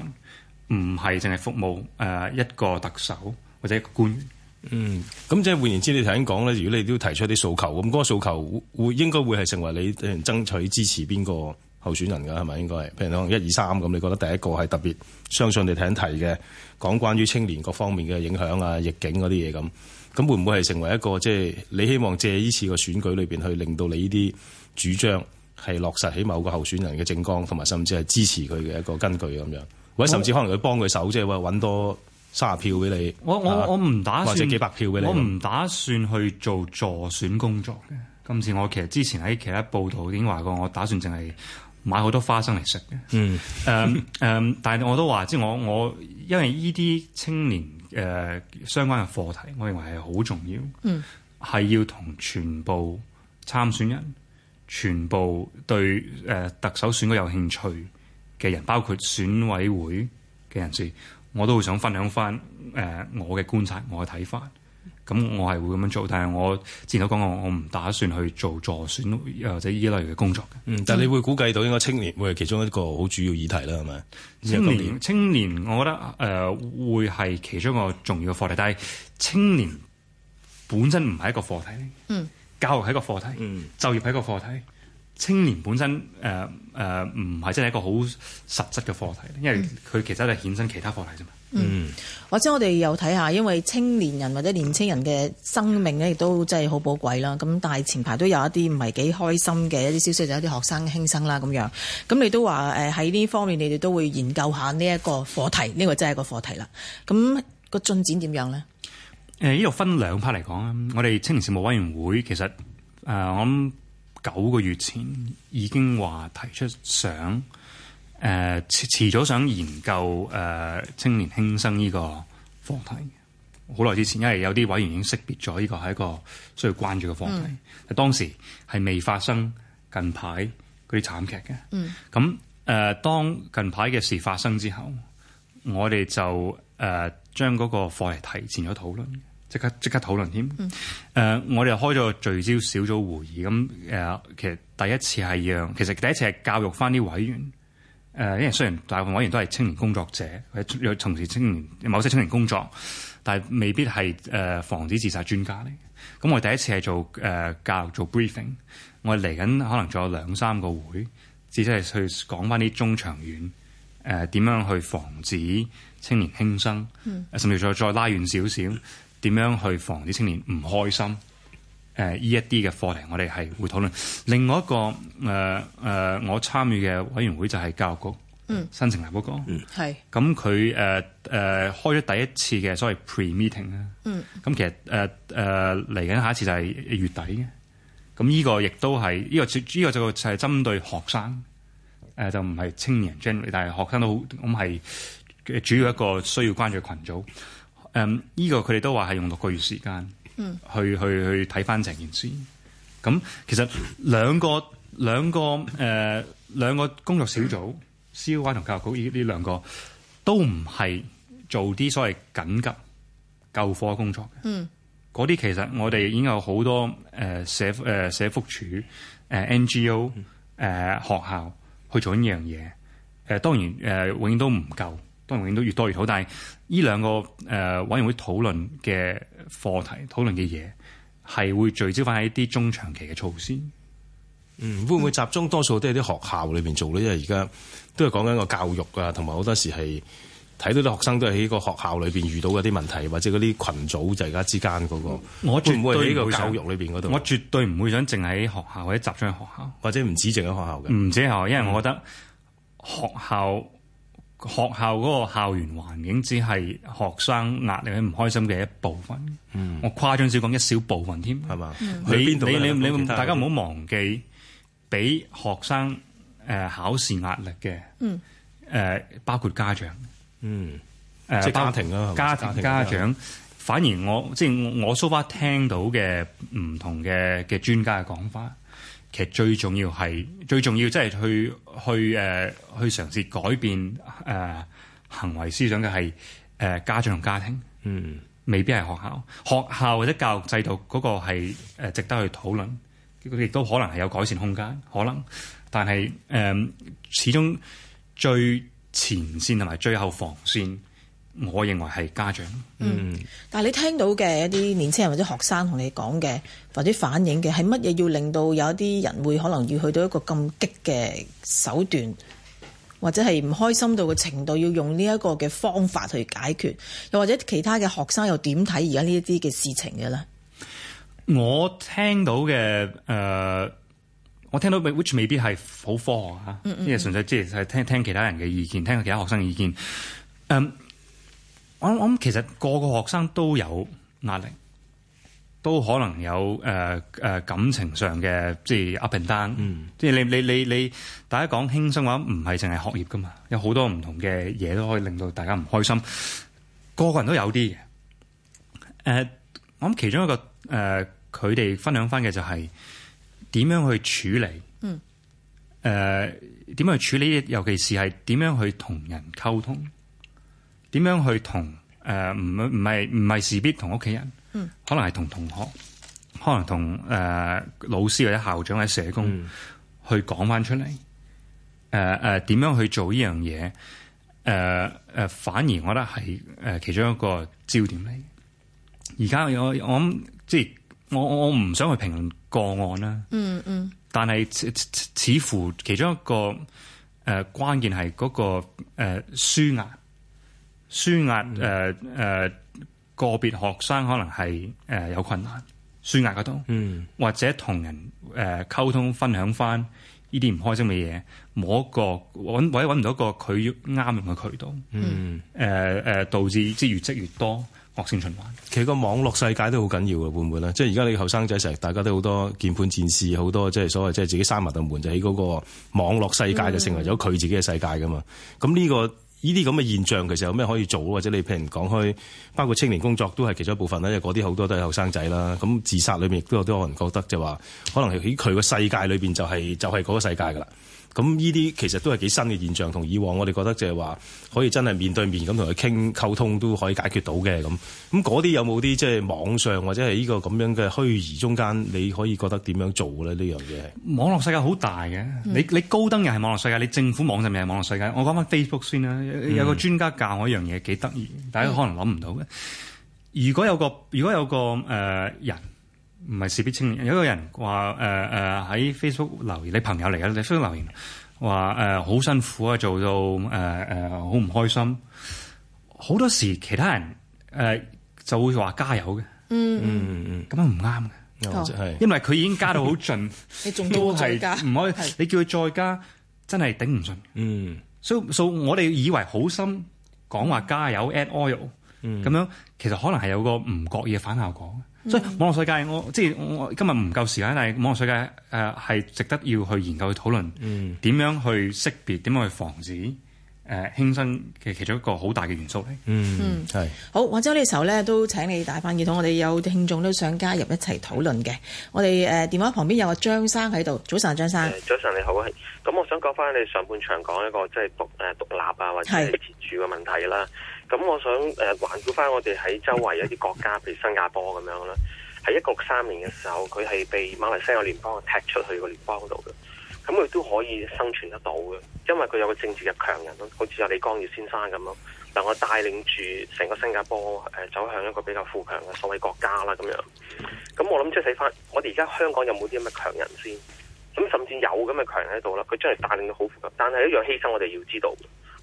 唔係淨係服務誒、呃、一個特首或者一個官員。嗯，咁即係換言之，你頭先講咧，如果你都提出啲訴求，咁、那、嗰個訴求會應該會係成為你誒爭取支持邊個候選人噶，係咪應該？係，譬如可能一二三咁，你覺得第一個係特別相信你頭先提嘅，講關於青年各方面嘅影響啊、逆境嗰啲嘢，咁，咁會唔會係成為一個即係、就是、你希望借呢次個選舉裏邊去令到你呢啲主張係落實喺某個候選人嘅政綱，同埋甚至係支持佢嘅一個根據咁樣，或者甚至可能佢幫佢手，即係話搵多。卅票俾你，我我我唔打算，或者幾百票俾你，我唔打算去做助選工作嘅。今次我其實之前喺其他報道已經話過，我打算淨係買好多花生嚟食嘅。嗯，誒誒，但係我都話，即係我我因為依啲青年誒、呃、相關嘅課題，我認為係好重要，嗯，係要同全部參選人、全部對誒、呃、特首選舉有興趣嘅人，包括選委會嘅人士。我都會想分享返誒我嘅觀察，我嘅睇法。咁我係會咁樣做，但係我之前都講過，我唔打算去做助選或者依類嘅工作嘅。嗯，但係你會估計到應該青年會係其中一個好主要議題啦，係咪？青年青年，青年我覺得誒、呃、會係其中一個重要嘅課題。但係青年本身唔係一個課題，嗯，教育係一個課題，嗯，就業係一個課題。青年本身誒誒唔係真係一個好實質嘅課題，因為佢其實都係衍生其他課題啫嘛。嗯，或者、嗯、我哋又睇下，因為青年人或者年青人嘅生命咧，亦都真係好寶貴啦。咁但係前排都有一啲唔係幾開心嘅一啲消息，一啲消息就一啲學生輕生啦咁樣。咁你都話誒喺呢方面，你哋都會研究下呢、這個、一個課題，呢個真係一個課題啦。咁個進展點樣呢？誒、呃，呢度分兩 part 嚟講啊，我哋青年事務委員會其實誒、呃、我諗。九個月前已經話提出想誒、呃、遲早想研究誒、呃、青年輕生呢個課題。好耐之前，因為有啲委員已經識別咗呢個係一個需要關注嘅課題。嗯、當時係未發生近排嗰啲慘劇嘅。咁誒、嗯呃，當近排嘅事發生之後，我哋就誒、呃、將嗰個課題提前咗討論。即刻即刻討論添。誒、嗯呃，我哋開咗聚焦小組會議，咁誒、呃。其實第一次係讓其實第一次係教育翻啲委員誒、呃，因為雖然大部分委員都係青年工作者，佢有從事青年某些青年工作，但係未必係誒、呃、防止自殺專家嚟。咁、呃、我第一次係做誒、呃、教育做 briefing 我嚟緊，可能仲有兩三個會，只係去講翻啲中長遠誒點樣去防止青年輕生，呃、甚至再再拉遠少少。嗯點樣去防止青年唔開心？誒、呃，呢一啲嘅課題，我哋係會討論。另外一個誒誒、呃，我參與嘅委員會就係教育局。嗯，新成立嗰個。咁佢誒誒開咗第一次嘅所謂 pre-meeting 啦。Eting，嗯。咁其實誒誒嚟緊下一次就係月底嘅。咁呢個亦都係呢個呢、呢個就係針對學生。誒、呃，就唔係青年 generally，但係學生都好，咁係主要一個需要關注群組。誒呢、um, 個佢哋都話係用六個月時間去嗯去去去睇翻成件事，咁、嗯、其實兩個兩個誒、呃、兩個工作小組、嗯、COI 同教育局呢兩個都唔係做啲所謂緊急救火嘅工作。嗯，啲其實我哋已經有好多誒、呃、社誒、呃、社福署誒、呃、N.G.O 誒、呃、學校去做呢樣嘢。誒、呃、當然誒、呃、永遠都唔夠。當然都越多越好，但係呢兩個誒委員會討論嘅課題、討論嘅嘢，係會聚焦翻喺一啲中長期嘅措施。嗯，會唔會集中多數都係啲學校裏邊做呢？因為而家都係講緊個教育啊，同埋好多時係睇到啲學生都係喺個學校裏邊遇到嗰啲問題，或者嗰啲群組就而家之間嗰、嗰個，我絕唔會喺個教育裏邊嗰度。我絕對唔會想淨喺學校或者集中喺學校，或者唔止淨喺學校嘅。唔止學校，因為我覺得、嗯、學校。學校嗰個校園環境只係學生壓力喺唔開心嘅一部分，我誇張少講一小部分添，係嘛？你你你你，大家唔好忘記俾學生誒考試壓力嘅，嗯，誒包括家長，嗯，誒家庭啦，家庭家長，反而我即係我 so far 聽到嘅唔同嘅嘅專家嘅講法。其實最重要係最重要，即係去去誒、呃、去嘗試改變誒、呃、行為思想嘅係誒家長同家庭，嗯，未必係學校，學校或者教育制度嗰個係、呃、值得去討論，佢亦都可能係有改善空間，可能，但係誒、呃、始終最前線同埋最後防線。我認為係家長。嗯，嗯，但係你聽到嘅，一啲年青人，或者學生同你講嘅，或者反映嘅係乜嘢要令到有一啲人會可能要去到一個咁激嘅手段，或者係唔開心到嘅程度，要用呢一個嘅方法去解決，又或者其他嘅學生又點睇而家呢一啲嘅事情嘅咧？我聽到嘅誒、呃，我聽到 which 未必係好科學吓，即係純粹即係聽聽其他人嘅意見，聽下其他學生嘅意見。嗯、um。我諗，其實個個學生都有壓力，都可能有誒誒、呃呃、感情上嘅即係 up and down、嗯、即係你你你你，大家講輕鬆嘅話唔係淨係學業噶嘛，有好多唔同嘅嘢都可以令到大家唔開心。個個人都有啲嘅。誒、呃，我諗其中一個誒，佢、呃、哋分享翻嘅就係點樣去處理。嗯、呃。誒，點樣去處理？尤其是係點樣去同人溝通？點樣去同誒唔唔係唔係事必同屋企人，嗯、可能係同同學，可能同誒、呃、老師或者校長或者社工去講返出嚟，誒誒點樣去做呢樣嘢，誒、呃、誒、呃、反而我覺得係誒其中一個焦點嚟。而家我我諗即係我我唔想去評論個案啦、嗯，嗯嗯，但係似，似乎其中一個誒、呃、關鍵係嗰個誒舒壓。呃舒壓誒誒個別學生可能係誒、呃、有困難，舒壓嗰度，嗯、或者同人誒溝通分享返呢啲唔開心嘅嘢，冇一個搵或者搵唔到一個佢啱用嘅渠道，誒誒、嗯呃呃、導致即係越，越積越多惡性循環。其實個網絡世界都好緊要嘅，會唔會咧？即係而家你後生仔成日大家都好多鍵盤戰士，好多即係所謂即係自己閂埋道門，就喺嗰個網絡世界就成為咗佢自己嘅世界㗎嘛。咁呢、嗯呢個。呢啲咁嘅現象其實有咩可以做，或者你譬如講開，包括青年工作都係其中一部分啦，因為嗰啲好多都係後生仔啦。咁自殺裏面亦都有啲可能覺得就話，可能喺佢、就係就係、個世界裏邊就係就係嗰個世界㗎啦。咁呢啲其實都係幾新嘅現象，同以往我哋覺得就係話可以真係面對面咁同佢傾溝通都可以解決到嘅咁。咁嗰啲有冇啲即係網上或者係呢個咁樣嘅虛擬中間，你可以覺得點樣做咧？呢樣嘢網絡世界好大嘅，嗯、你你高登又係網絡世界，你政府網上面係網絡世界。我講返 Facebook 先啦，有個專家教我一樣嘢幾得意，大家可能諗唔到嘅。如果有個如果有個誒、呃、人。唔係事必清。有個人話誒誒、呃、喺、呃、Facebook 留言，你朋友嚟啊！Facebook 留言話誒好辛苦啊，做到誒誒好唔開心。好多時其他人誒、呃、就會話加油嘅、嗯。嗯嗯咁樣唔啱嘅。哦，因為佢已經加到好盡， 你仲要再加唔可以？的你叫佢再加，真係頂唔順。嗯，所以所我哋以為好心講話加油 add oil，樣嗯，咁樣其實可能係有個唔覺意嘅反效果。所以網絡世界，我即係我今日唔夠時間，但係網絡世界誒係、呃、值得要去研究去討論，點、嗯、樣去識別，點樣去防止誒、呃、輕生嘅其中一個好大嘅元素咧。嗯，係是好。或者呢個時候咧，都請你帶翻耳筒，我哋有聽眾都想加入一齊討論嘅。我哋誒、呃、電話旁邊有個、啊、張生喺度，早晨，張生。早晨你好，咁我想講翻你上半場講一個即係獨誒獨立啊，或者係自主嘅問題啦。咁、嗯、我想誒、呃，環顧翻我哋喺周圍一啲國家，譬如新加坡咁樣啦，喺一九六三年嘅時候，佢係被馬來西亞聯邦踢出去個聯邦度嘅，咁佢都可以生存得到嘅，因為佢有個政治嘅強人咯，好似阿李光耀先生咁咯，嗱我帶領住成個新加坡誒、呃、走向一個比較富強嘅所謂國家啦咁樣。咁我諗即係睇翻，我哋而家香港有冇啲咁嘅強人先？咁甚至有咁嘅強人喺度啦，佢將嚟帶領到好富強，但係一樣犧牲，我哋要知道。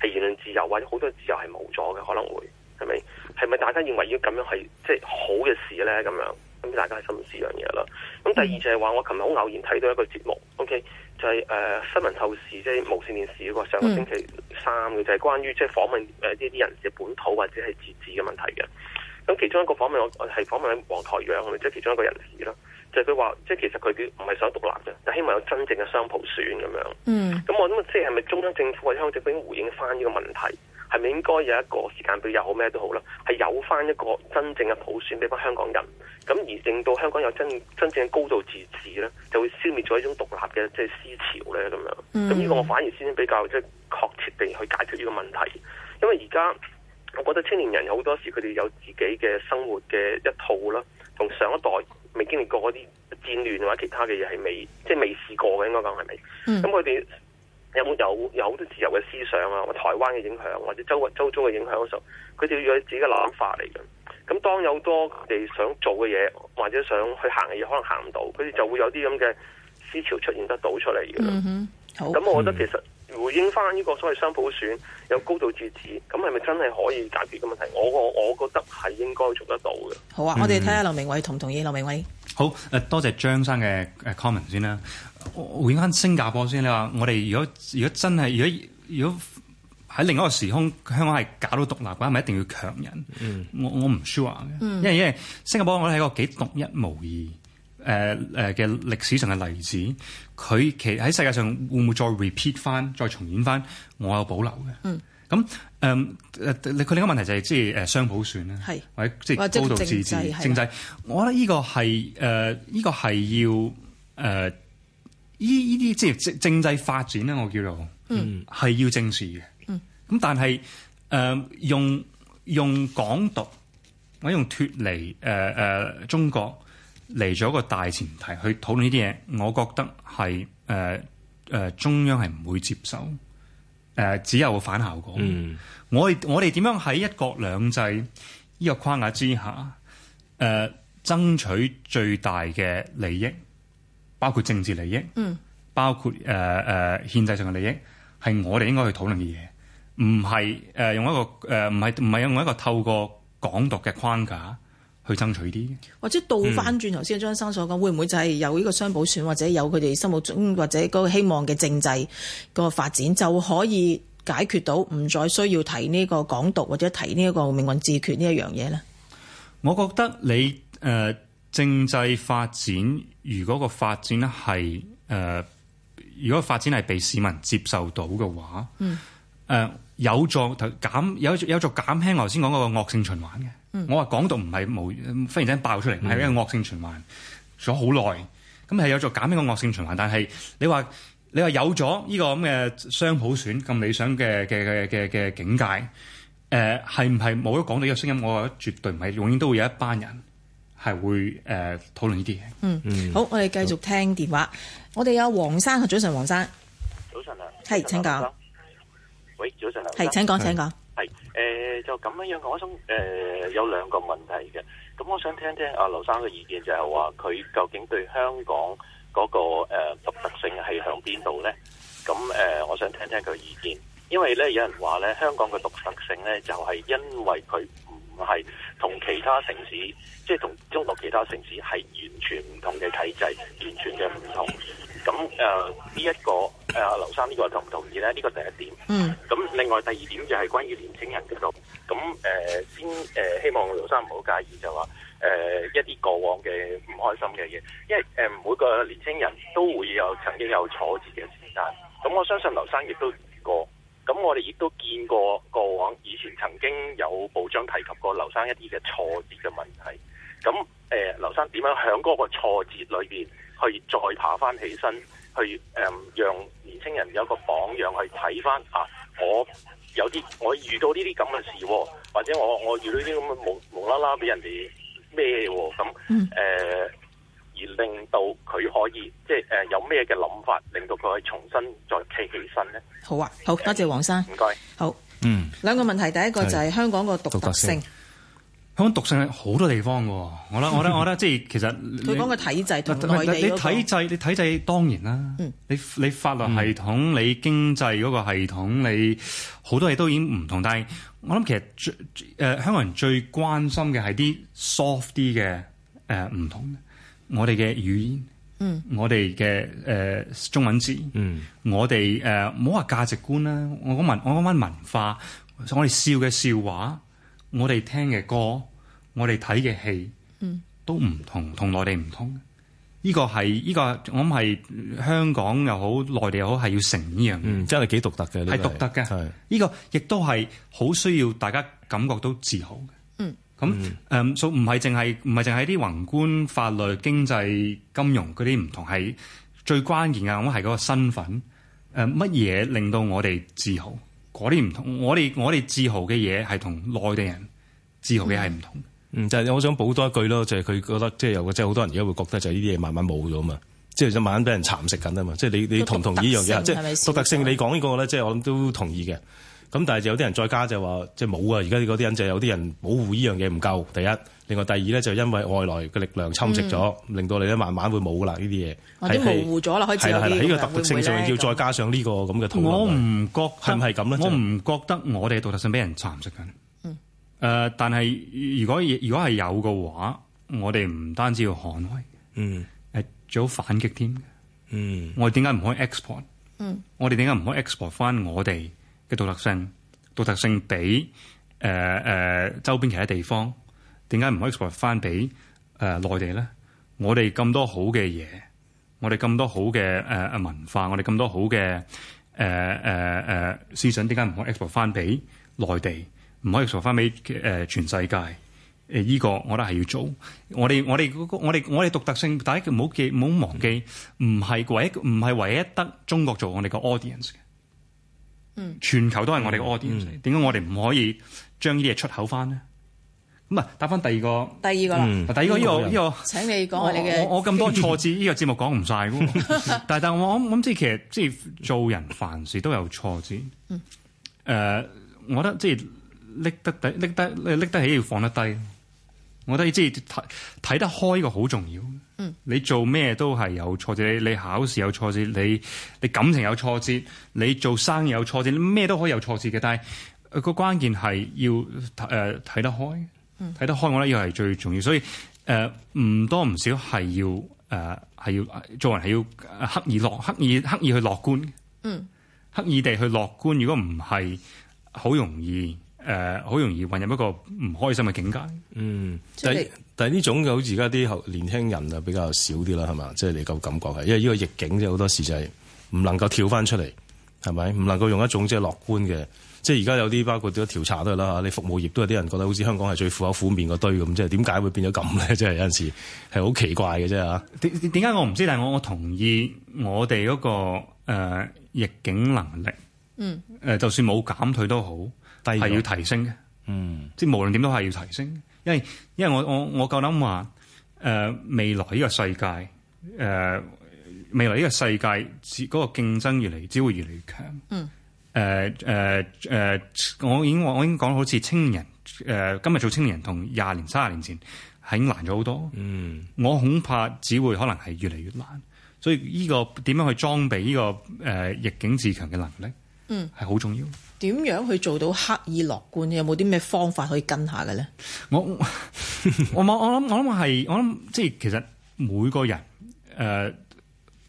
係言論自由或者好多自由係冇咗嘅，可能會係咪？係咪大家認為要咁樣係即係好嘅事咧？咁樣咁大家係深思一樣嘢啦。咁第二就係、是、話，我琴日好偶然睇到一個節目，OK，就係、是、誒、呃、新聞透視即係無線電視嗰個上個星期三嘅，就係、是、關於即係、就是、訪問誒啲啲人士本土或者係自治嘅問題嘅。咁其中一個訪問我係訪問黃台仰即係其中一個人士啦。就佢話，即係其實佢哋唔係想獨立嘅，但、就是、希望有真正嘅雙普選咁樣。嗯嗯。嗯。咁我諗，即係係咪中央政府或者香港政府應回應翻呢個問題？係咪應該有一個時間表又好咩都好啦，係有翻一個真正嘅普選俾翻香港人，咁而令到香港有真真正嘅高度自治咧，就會消滅咗一種獨立嘅即係思潮咧咁樣。咁呢個我反而先比較即係確切地去解決呢個問題，因為而家我覺得青年人好多時佢哋有自己嘅生活嘅一套啦，同上一代。未經歷過嗰啲戰亂或者其他嘅嘢係未，即係未試過嘅應該講係咪？咁佢哋有冇有有好多自由嘅思想啊？或台灣嘅影響，或者周周遭嘅影響嗰時候，佢哋有自己嘅諗法嚟嘅。咁當有多佢哋想做嘅嘢，或者想去行嘅嘢，可能行唔到，佢哋就會有啲咁嘅思潮出現得到出嚟嘅。嗯咁，好嗯、我覺得其實回應翻呢個所謂雙普選、有高度自治，咁係咪真係可以解決嘅問題？我我我覺得係應該做得到嘅。好啊，我哋睇下劉鳴煒同唔同意？劉鳴煒。嗯，好誒，多謝張生嘅誒 comment 先啦。回應翻新加坡先，你話我哋如果如果真係如果如果喺另一個時空，香港係搞到獨立嘅話，係咪一定要強人？嗯，我我唔 sure 嘅，因為因為新加坡我係一個幾獨一無二。誒誒嘅歷史上嘅例子，佢其喺世界上會唔會再 repeat 翻，再重演翻？我有保留嘅。嗯，嗯。咁誒誒，佢另一個問題就係即係誒，雙普選咧，係或者即係高度自治、政制，政制。我覺得依個係誒依個係要誒依依啲即係政制發展咧，我叫做嗯，係要正視嘅。咁、嗯、但係誒、呃、用用港獨，或者用脫離誒誒中國。嚟咗個大前提去討論呢啲嘢，我覺得係誒誒中央係唔會接受，誒、呃、只有個反效果。嗯、我我哋點樣喺一國兩制呢個框架之下誒、呃、爭取最大嘅利益，包括政治利益，嗯、包括誒誒憲制上嘅利益，係我哋應該去討論嘅嘢，唔係誒用一個誒唔係唔係用一個透過港獨嘅框架。去爭取啲，或者倒翻轉頭先張生所講，嗯、會唔會就係有呢個雙普選，或者有佢哋心目中或者嗰個希望嘅政制個發展，就可以解決到唔再需要提呢個港獨或者提呢一個命運自決呢一樣嘢呢？我覺得你誒、呃、政制發展，如果個發展係誒、呃，如果發展係被市民接受到嘅話，嗯，誒、呃、有助減有有助減輕頭先講嗰個惡性循環嘅。我話港獨唔係冇，忽然之間爆出嚟，係、嗯、一個惡性循環，咗好耐。咁係有咗減輕個惡性循環，但係你話你話有咗呢個咁嘅雙普選咁理想嘅嘅嘅嘅嘅境界，誒係唔係冇咗港獨嘅聲音？我覺得絕對唔係，永遠都會有一班人係會誒、呃、討論呢啲嘢。嗯，嗯好，我哋繼續聽電話。我哋有黃生，早晨，黃生早晨、啊。早晨啊，係請講。喂，早晨、啊，係請講，請講。誒、呃、就咁樣樣講，我想誒有兩個問題嘅，咁、嗯、我想聽聽阿劉生嘅意見，就係話佢究竟對香港嗰、那個誒、呃、獨特性係向邊度呢？咁、嗯、誒、呃，我想聽聽佢意見，因為咧有人話咧香港嘅獨特性咧，就係、是、因為佢唔係同其他城市，即係同中國其他城市係完全唔同嘅體制，完全嘅唔同，咁誒呢一個誒、呃，劉生呢個同唔同意咧？呢、這個第一點。嗯。咁另外第二點就係關於年青人嗰度。咁誒、呃、先誒、呃，希望劉生唔好介意，就話誒、呃、一啲過往嘅唔開心嘅嘢，因為誒、呃、每個年青人都會有曾經有挫折嘅時間。咁我相信劉生亦都遇過。咁我哋亦都見過過往以前曾經有報章提及過劉生一啲嘅挫折嘅問題。咁誒、呃，劉生點樣喺嗰個挫折裏邊？去再爬翻起身，去誒、嗯、讓年青人有個榜樣去睇翻啊！我有啲我遇到呢啲咁嘅事，或者我我遇到啲咁嘅無無啦啦俾人哋咩喎，咁誒，而令到佢可以即係誒、呃、有咩嘅諗法，令到佢重新再企起身咧。好啊，好多謝黃生，唔該、啊，好，嗯，兩個問題，第一個就係香港個獨特性。香港獨性係好多地方嘅，我覺得我覺得我覺得即係其實佢講嘅體制同內地嗰、那個，你體制你體制當然啦，嗯、你你法律系統、你經濟嗰個系統、你好多嘢都已經唔同。但係我諗其實最誒、呃、香港人最關心嘅係啲 soft 啲嘅誒唔同。嗯、我哋嘅語言，嗯，我哋嘅誒中文字，嗯，我哋誒唔好話價值觀啦，我講文我講翻文化，我哋笑嘅笑話，我哋聽嘅歌，我哋睇嘅戲都唔同，同內地唔同。呢個係呢個，我諗係香港又好，內地又好，係要成呢樣真係幾獨特嘅。係獨特嘅。係呢個亦都係好需要大家感覺到自豪嘅。嗯、咁誒、嗯，唔係淨係，唔係淨係啲宏觀法律、經濟、金融嗰啲唔同，係最關鍵嘅。我諗係嗰個身份。誒、呃，乜嘢令到我哋自豪？嗰啲唔同。我哋我哋自豪嘅嘢係同內地人自豪嘅係唔同。嗯就係我想補多一句咯，就係佢覺得即係有即係好多人而家會覺得就係呢啲嘢慢慢冇咗嘛，即係就慢慢俾人蠶食緊啊嘛，即係你你同唔同意呢樣嘢？即係獨特性，你講呢個咧，即係我諗都同意嘅。咁但係就有啲人再加就話，即係冇啊！而家嗰啲人就有啲人保護呢樣嘢唔夠。第一，另外第二咧就因為外來嘅力量侵蝕咗，令到你咧慢慢會冇啦呢啲嘢。已經模糊咗啦，開始有啲。係啦係啦，喺呢個獨特性上面要再加上呢個咁嘅討論。我唔覺得係唔係咁咧？我唔覺得我哋獨特性俾人蠶食緊。誒、呃，但係如果如果係有嘅話，我哋唔單止要捍衛，嗯，誒、呃，做好反擊添，嗯，我哋點解唔可以 export？嗯，我哋點解唔可以 export 翻我哋嘅獨特性、獨特性俾誒誒周邊其他地方？點解唔可以 export 翻俾誒、呃、內地咧？我哋咁多好嘅嘢，我哋咁多好嘅誒誒文化，我哋咁多好嘅誒誒誒思想，點解唔可以 export 翻俾內地？唔可以傻翻俾誒全世界誒？依、這個我覺得係要做。我哋我哋我哋我哋獨特性，大家唔好記唔好忘記，唔係唯一唔係唯一得中國做我哋嘅 audience 嘅。嗯，全球都係我哋嘅 audience，嗯。點解我哋唔可以將呢嘢出口翻呢？咁啊，答翻第二個，第二個啦，嗯、第二個依個依個。請你講我哋嘅我我咁多錯字，呢 個節目講唔晒，但但我我諗即係其實即係做人凡事都有錯字。嗯、呃，我覺得即係。拎得底，拎得拎得起，要放得低。我覺得，即係睇睇得開，呢個好重要。嗯，你做咩都係有挫折，你考試有挫折，你你感情有挫折，你做生意有挫折，咩都可以有挫折嘅。但係個、呃、關鍵係要誒睇、呃、得開，睇得開，我覺得又係最重要。所以誒唔、呃、多唔少係要誒係、呃、要做人係要刻意樂，刻意刻意去樂觀，嗯，刻意地去樂觀。如果唔係，好容易。誒，好容易混入一個唔開心嘅境界。嗯，席但係但係呢種就好似而家啲年輕人啊，比較少啲啦，係嘛？即係你個感覺係，因為呢個逆境即係好多時就係唔能夠跳翻出嚟，係咪？唔能夠用一種即係樂觀嘅，即係而家有啲包括啲調查都係啦。吓，你服務業都有啲人覺得好似香港係最苦口苦面個堆咁，即係點解會變咗咁咧？即係有陣時係好奇怪嘅啫。吓，點解我唔知，但係我我同意我哋嗰個誒逆境能力，嗯，誒就算冇減退都好，係要提升嘅，嗯，即係無論點都係要提升，因為因為我我我夠膽話，誒、呃、未來呢個世界，誒、呃、未來呢個世界，嗰個競爭越嚟只會越嚟越強，嗯，誒誒誒，我已經我已經講好似青年人，誒、呃、今日做青年人同廿年、卅年前係難咗好多，嗯，我恐怕只會可能係越嚟越難，所以呢、這個點樣去裝備呢、這個誒、呃、逆境自強嘅能力，嗯，係好重要。點樣去做到刻意樂觀？有冇啲咩方法可以跟下嘅咧？我我我我諗我諗係我諗，即係其實每個人誒、呃，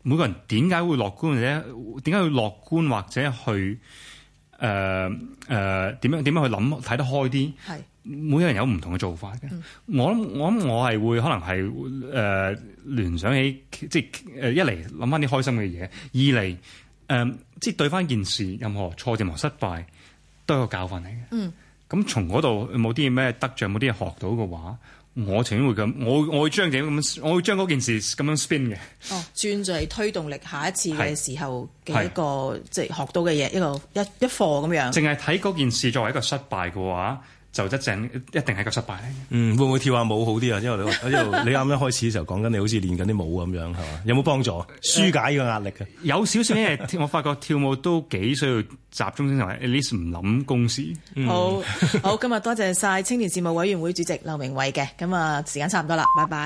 每個人點解會樂觀或者點解會樂觀或者去誒誒點樣點樣去諗睇得開啲？係，每個人有唔同嘅做法嘅，嗯。我我諗我係會可能係誒聯想起即係誒一嚟諗翻啲開心嘅嘢，二嚟誒。呃即係對翻件事，任何挫折和失敗，都係個教訓嚟嘅。咁、嗯、從嗰度冇啲咩得着，冇啲嘢學到嘅話，我情終會咁，我我會將點咁，我會將，我會將件事咁樣 spin 嘅。哦，轉就係推動力，下一次嘅時候嘅一個是是即係學到嘅嘢，一個一一課咁樣。淨係睇嗰件事作為一個失敗嘅話。就一正一定係個失敗咧。嗯，會唔會跳下舞好啲啊？因為喺度你啱啱 開始嘅時候講緊你好似練緊啲舞咁樣，係嘛？有冇幫助？啊？紓解個壓力嘅？有少少，因為 我發覺跳舞都幾需要集中精神係，at least 唔諗 公司。好 好，今日多謝晒青年事務委員會主席劉明偉劉鳴煒嘅。咁啊，時間差唔多啦，拜拜。